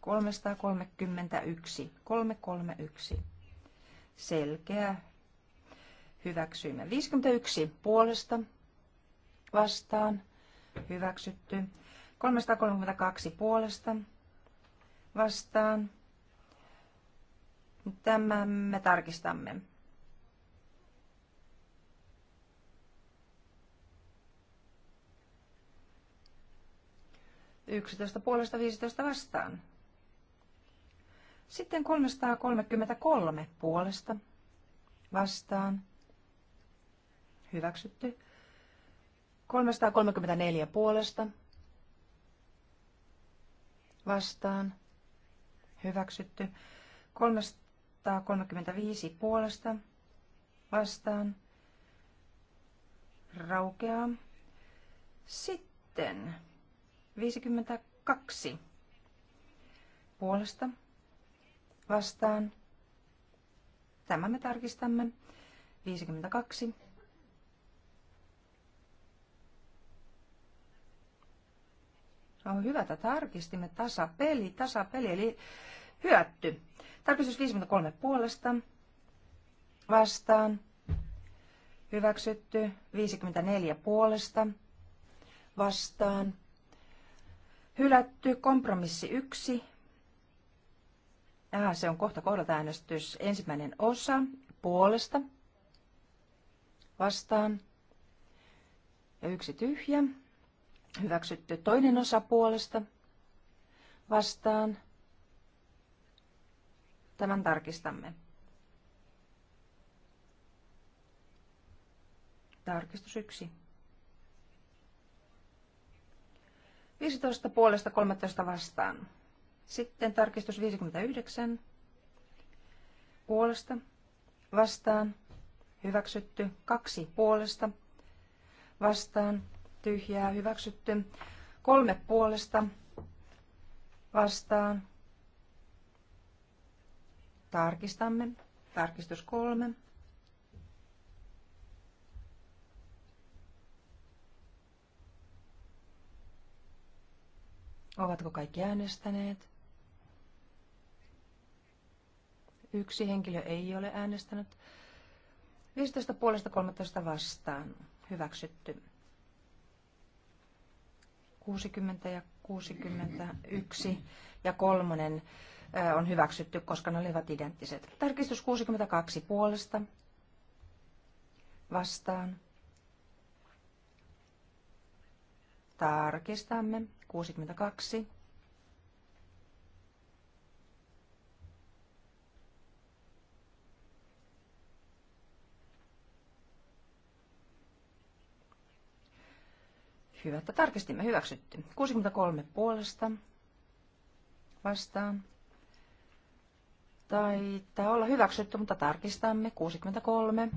331. 331. Selkeä. Hyväksyimme. 51 puolesta vastaan. Hyväksytty. 332 puolesta vastaan. Tämän me tarkistamme. 11 puolesta 15 vastaan. Sitten 333 puolesta vastaan. Hyväksytty. 334 puolesta vastaan. Hyväksytty. 335 puolesta vastaan. Raukeaa. Sitten 52 puolesta vastaan. Tämä me tarkistamme. 52. On hyvä, että tarkistimme tasapeli, tasapeli, eli hyötty. Tarkistus 53 puolesta vastaan. Hyväksytty 54 puolesta vastaan. Hylätty kompromissi yksi. Ah, se on kohta kohdalta äänestys. Ensimmäinen osa puolesta vastaan ja yksi tyhjä. Hyväksytty toinen osa puolesta vastaan. Tämän tarkistamme. Tarkistus yksi. 15 puolesta 13 vastaan. Sitten tarkistus 59 puolesta vastaan. Hyväksytty. Kaksi puolesta vastaan. Tyhjää hyväksytty. Kolme puolesta vastaan. Tarkistamme. Tarkistus kolme. Ovatko kaikki äänestäneet? Yksi henkilö ei ole äänestänyt. 15 puolesta 13 vastaan. Hyväksytty. 60 ja 61 ja kolmonen on hyväksytty, koska ne olivat identtiset. Tarkistus 62 puolesta vastaan Tarkistamme. 62. Hyvä, että tarkistimme. Hyväksytty. 63 puolesta vastaan. Taitaa olla hyväksytty, mutta tarkistamme. 63.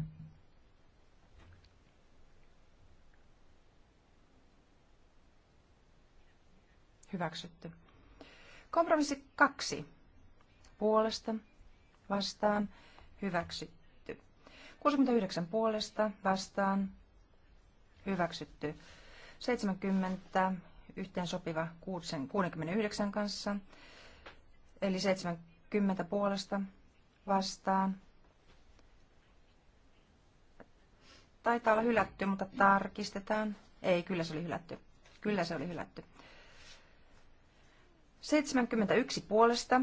Hyväksytty. Kompromissi kaksi. Puolesta, vastaan, hyväksytty. 69 puolesta, vastaan, hyväksytty. 70 sopiva 69 kanssa, eli 70 puolesta vastaan. Taitaa olla hylätty, mutta tarkistetaan. Ei, kyllä se oli hylätty. Kyllä se oli hylätty. 71 puolesta.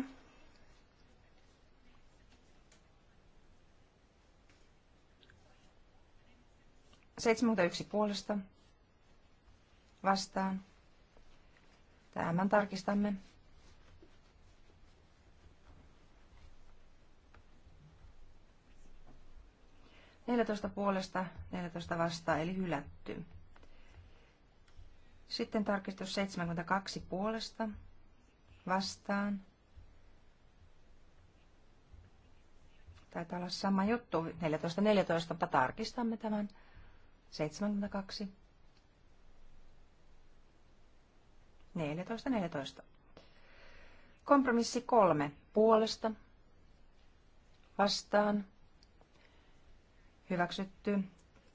Seitsemänkymmentäyksi puolesta vastaan. Tämän tarkistamme. Neljätoista puolesta, neljätoista vastaan, eli hylätty. Sitten tarkistus 72 puolesta vastaan. Taitaa olla sama juttu. 14.14, 14, mutta tarkistamme tämän. 72. 14.14. 14. Kompromissi kolme puolesta vastaan. Hyväksytty.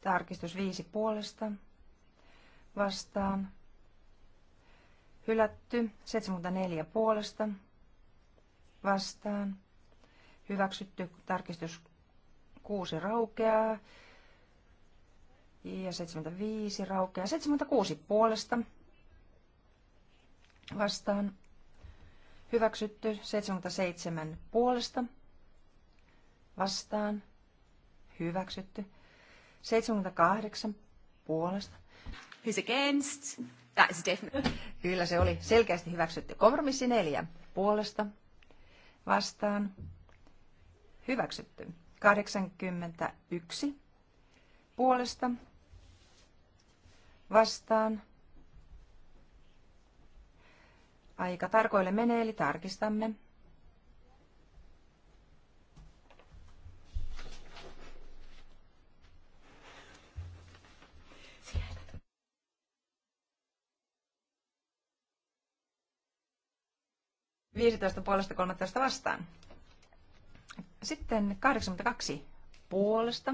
Tarkistus viisi puolesta vastaan. Hylätty 74 puolesta vastaan. Hyväksytty tarkistus 6 raukeaa. Ja 75 raukeaa. 76 puolesta vastaan. Hyväksytty 77 puolesta vastaan. Hyväksytty 78 puolesta. Who's against? That's definitely. Kyllä se oli selkeästi hyväksytty. Kompromissi neljä. Puolesta vastaan hyväksytty. 81 puolesta vastaan. Aika tarkoille menee, eli tarkistamme. 15 puolesta 13 vastaan. Sitten 82 puolesta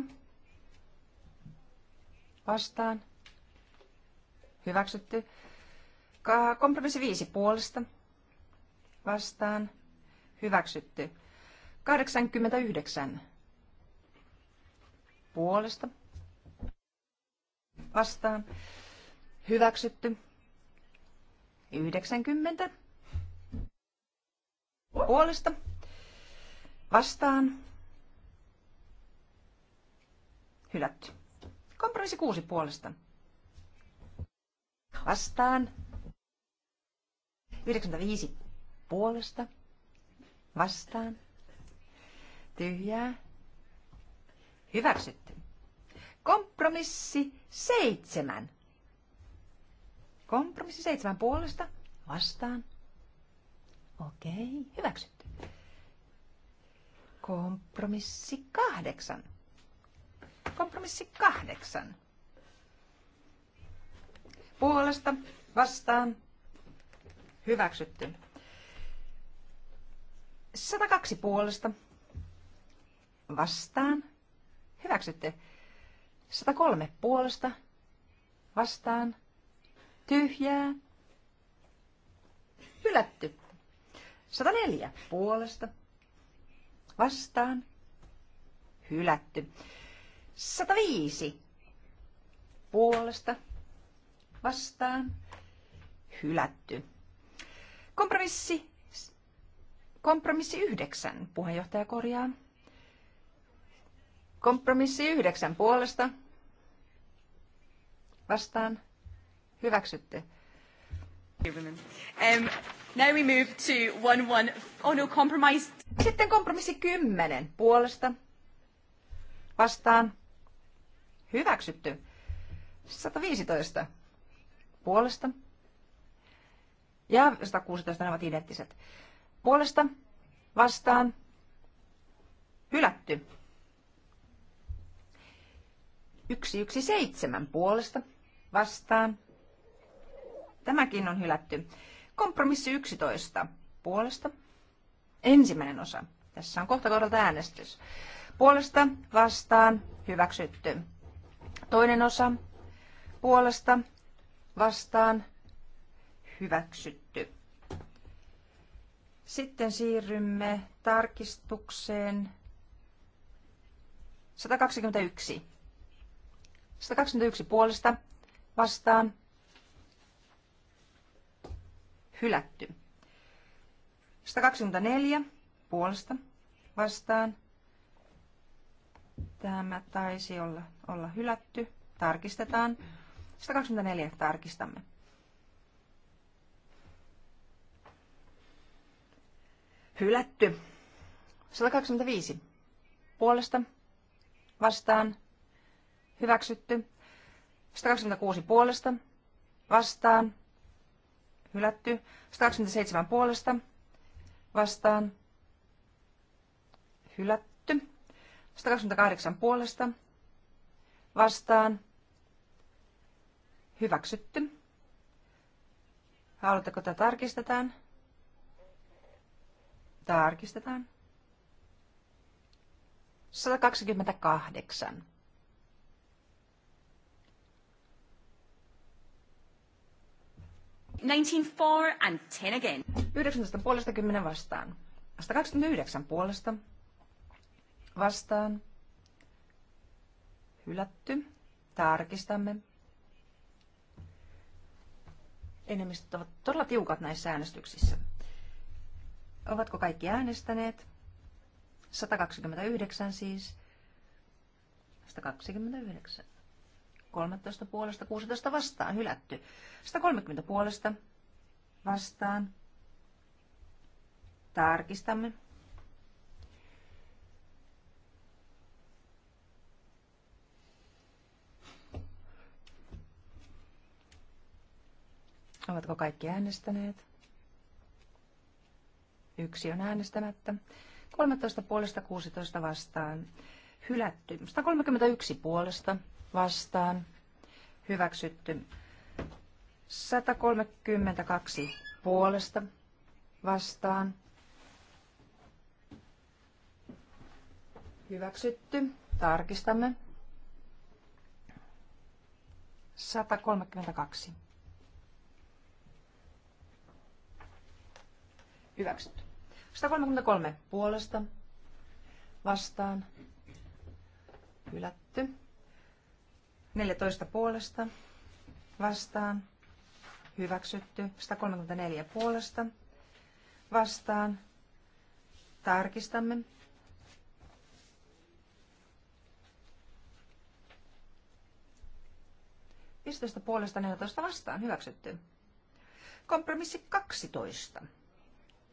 vastaan. Hyväksytty. Kompromissi 5 puolesta vastaan. Hyväksytty. 89 puolesta vastaan. Hyväksytty. 90 puolesta vastaan hylätty. Kompromissi kuusi puolesta vastaan 95 puolesta vastaan tyhjää hyväksytty. Kompromissi seitsemän. Kompromissi seitsemän puolesta vastaan Okei, hyväksytty. Kompromissi kahdeksan. Kompromissi kahdeksan. Puolesta, vastaan, hyväksytty. 102 puolesta, vastaan, hyväksytty. 103 puolesta, vastaan, tyhjää, hylätty. 104 puolesta vastaan hylätty. 105 puolesta vastaan hylätty. Kompromissi, kompromissi 9 puheenjohtaja korjaa. Kompromissi 9 puolesta vastaan hyväksytty. Um, Now we move to one, one, oh no, compromise. Sitten kompromissi kymmenen puolesta. Vastaan. Hyväksytty. 115 puolesta. Ja 116 ovat identtiset. Puolesta. Vastaan. Hylätty. 117 puolesta. Vastaan. Tämäkin on hylätty. Kompromissi 11 puolesta. Ensimmäinen osa. Tässä on kohta kohdalta äänestys. Puolesta, vastaan, hyväksytty. Toinen osa. Puolesta, vastaan, hyväksytty. Sitten siirrymme tarkistukseen 121. 121 puolesta vastaan hylätty. 124 puolesta vastaan. Tämä taisi olla, olla hylätty. Tarkistetaan. 124 tarkistamme. Hylätty. 125 puolesta vastaan. Hyväksytty. 126 puolesta vastaan hylätty. 127 puolesta vastaan hylätty. 128 puolesta vastaan hyväksytty. Haluatteko, että tarkistetaan? Tarkistetaan. 128. 19 for and 10 again. 19 puolesta 10 vastaan. 29 puolesta vastaan. Hylätty. Tarkistamme. Enemmistöt ovat todella tiukat näissä äänestyksissä. Ovatko kaikki äänestäneet? 129 siis. 129. 13 puolesta, 16 vastaan, hylätty. 130 puolesta vastaan. Tarkistamme. Ovatko kaikki äänestäneet? Yksi on äänestämättä. 13 puolesta 16 vastaan. Hylätty. 131 puolesta vastaan hyväksytty. 132 puolesta vastaan hyväksytty. Tarkistamme. 132. Hyväksytty. 133 puolesta vastaan. Hylätty. 14 puolesta vastaan hyväksytty. 134 puolesta vastaan tarkistamme. Pistosta puolesta 14 vastaan hyväksytty. Kompromissi 12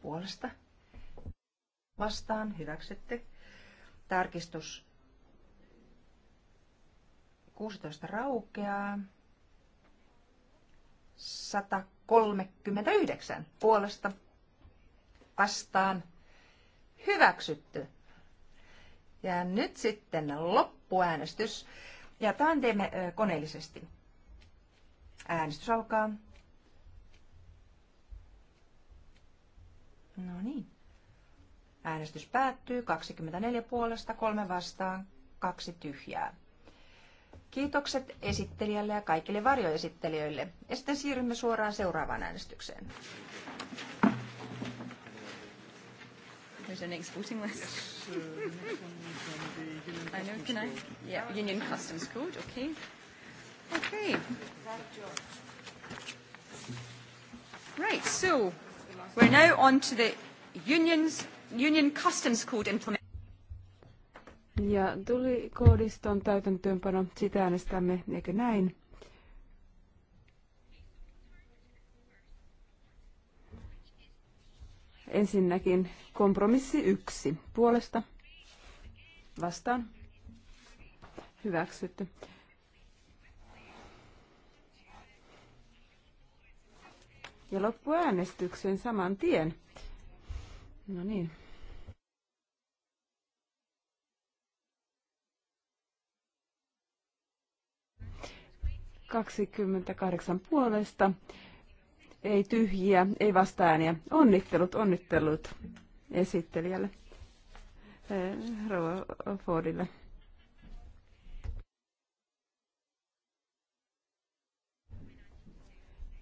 puolesta vastaan hyväksytty. Tarkistus 16 raukeaa. 139 puolesta vastaan hyväksytty. Ja nyt sitten loppuäänestys. Ja tämän teemme koneellisesti. Äänestys alkaa. No niin. Äänestys päättyy 24 puolesta, kolme vastaan, kaksi tyhjää. Kiitokset esittelijälle ja kaikille varjoesittelijöille. Ja sitten siirrymme suoraan seuraavaan äänestykseen. Uh, right, so we're now on to the Union's, Union Customs Code implementation. Ja tuli koodiston täytäntöönpano, sitä äänestämme, eikö näin? Ensinnäkin kompromissi yksi puolesta. Vastaan. Hyväksytty. Ja loppuäänestyksen saman tien. No niin. 28 puolesta. Ei tyhjiä, ei vastaääniä. Onnittelut, onnittelut esittelijälle, eh, Rova Fordille.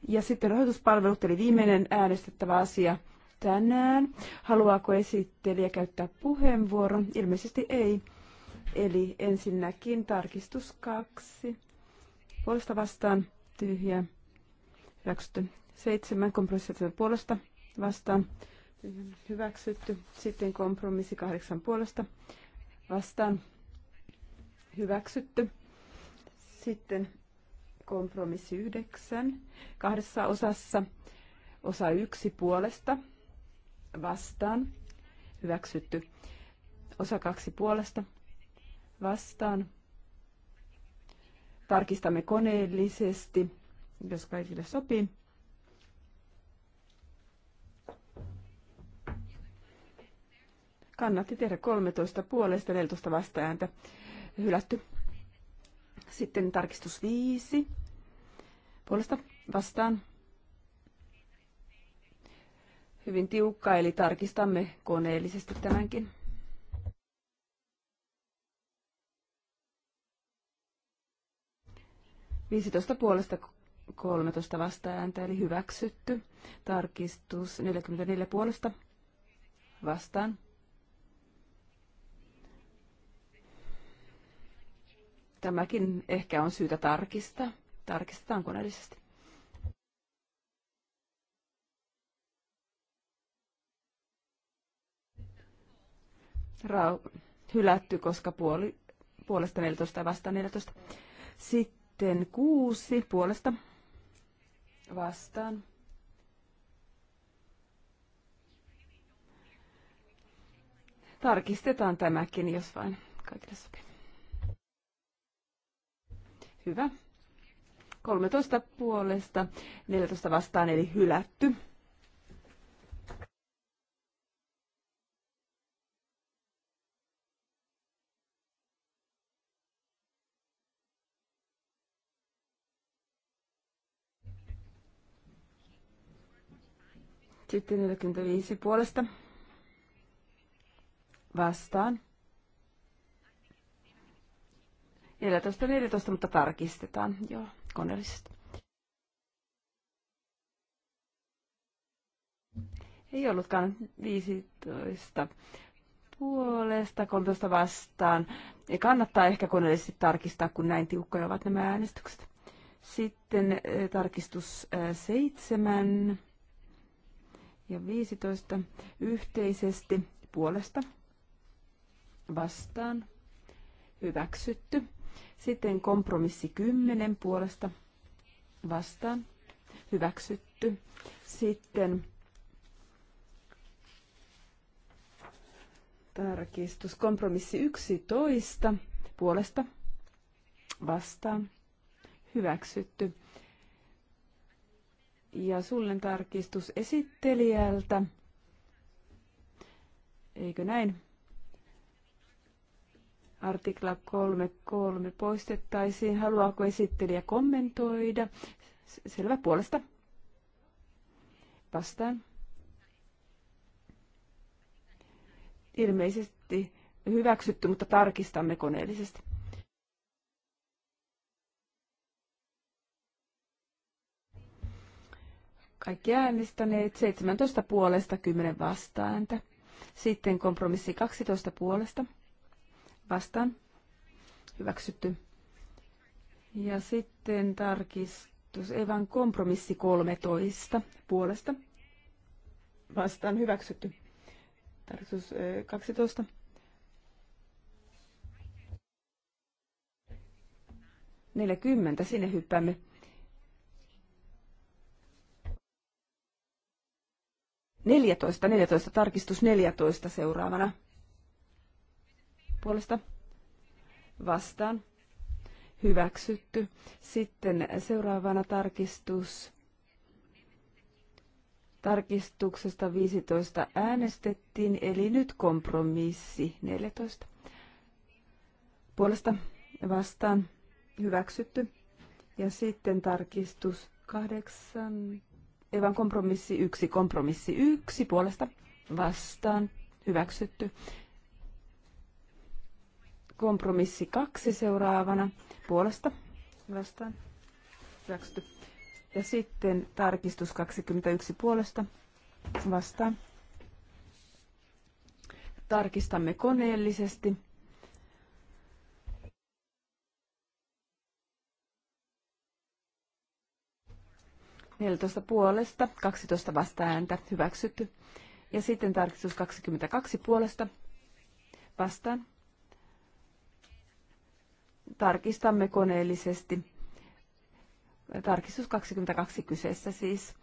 Ja sitten rahoituspalvelut, eli viimeinen äänestettävä asia tänään. Haluaako esittelijä käyttää puheenvuoron? Ilmeisesti ei. Eli ensinnäkin tarkistus kaksi puolesta vastaan tyhjä hyväksytty. Seitsemän kompromissi puolesta vastaan hyväksytty. Sitten kompromissi kahdeksan puolesta vastaan hyväksytty. Sitten kompromissi yhdeksän kahdessa osassa. Osa yksi puolesta vastaan hyväksytty. Osa kaksi puolesta vastaan Tarkistamme koneellisesti, jos kaikille sopii. Kannatti tehdä 13 puolesta, 14 vastaääntä. Hylätty. Sitten tarkistus 5. Puolesta vastaan. Hyvin tiukka, eli tarkistamme koneellisesti tämänkin. 15 puolesta 13 vastaääntä, eli hyväksytty. Tarkistus 44 puolesta vastaan. Tämäkin ehkä on syytä tarkistaa. Tarkistetaan koneellisesti. Rau, hylätty, koska puoli, puolesta 14 vastaan 14. Sitten sitten kuusi puolesta vastaan. Tarkistetaan tämäkin, jos vain kaikille sopii. Hyvä. 13 puolesta, 14 vastaan eli hylätty. Sitten 45 puolesta vastaan. 14, 14, mutta tarkistetaan jo koneellisesti. Ei ollutkaan 15 puolesta, 13 vastaan. Ja kannattaa ehkä koneellisesti tarkistaa, kun näin tiukkoja ovat nämä äänestykset. Sitten eh, tarkistus 7 eh, ja 15 yhteisesti puolesta vastaan hyväksytty. Sitten kompromissi 10 puolesta vastaan hyväksytty. Sitten tarkistus kompromissi 11 puolesta vastaan hyväksytty ja sullen tarkistus esittelijältä. Eikö näin? Artikla 3.3 poistettaisiin. Haluaako esittelijä kommentoida? Selvä puolesta. Vastaan. Ilmeisesti hyväksytty, mutta tarkistamme koneellisesti. kaikki äänestäneet 17 puolesta 10 vastaääntä. Sitten kompromissi 12 puolesta vastaan hyväksytty. Ja sitten tarkistus Evan kompromissi 13 puolesta vastaan hyväksytty. Tarkistus 12 Neljäkymmentä, sinne hyppäämme. 14, 14, tarkistus 14 seuraavana. Puolesta vastaan. Hyväksytty. Sitten seuraavana tarkistus. Tarkistuksesta 15 äänestettiin, eli nyt kompromissi 14. Puolesta vastaan hyväksytty. Ja sitten tarkistus 8. Evan vaan kompromissi yksi, kompromissi yksi puolesta vastaan hyväksytty. Kompromissi kaksi seuraavana puolesta vastaan hyväksytty. Ja sitten tarkistus 21 puolesta vastaan. Tarkistamme koneellisesti. 14 puolesta, 12 vastaääntä hyväksytty. Ja sitten tarkistus 22 puolesta vastaan. Tarkistamme koneellisesti. Tarkistus 22 kyseessä siis.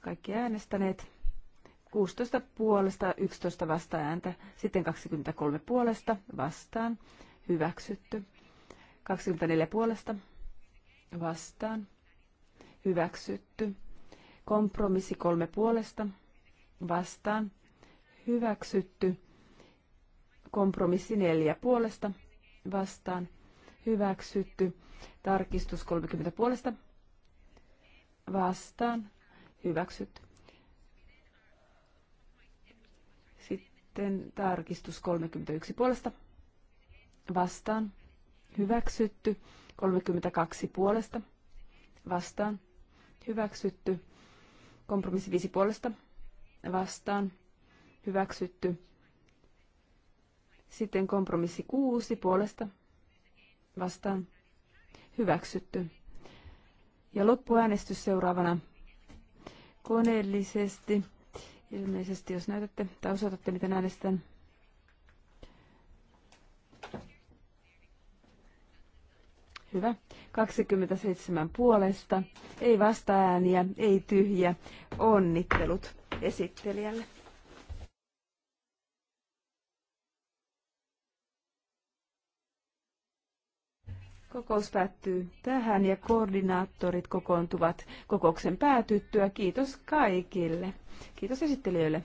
Kaikki äänestäneet. 16 puolesta, 11 vastaääntä, sitten 23 puolesta vastaan, hyväksytty. 24 puolesta vastaan, hyväksytty. Kompromissi kolme puolesta vastaan hyväksytty. Kompromissi neljä puolesta vastaan hyväksytty. Tarkistus 30 puolesta vastaan hyväksytty. Sitten tarkistus 31 puolesta vastaan hyväksytty. 32 puolesta vastaan hyväksytty. Kompromissi viisi puolesta vastaan hyväksytty. Sitten kompromissi kuusi puolesta vastaan hyväksytty. Ja loppuäänestys seuraavana koneellisesti. Ilmeisesti, jos näytätte tai osoitatte, miten äänestän. Hyvä. 27 puolesta, ei vastaääniä, ei tyhjä. Onnittelut esittelijälle. Kokous päättyy tähän ja koordinaattorit kokoontuvat kokouksen päätyttyä. Kiitos kaikille. Kiitos esittelijöille.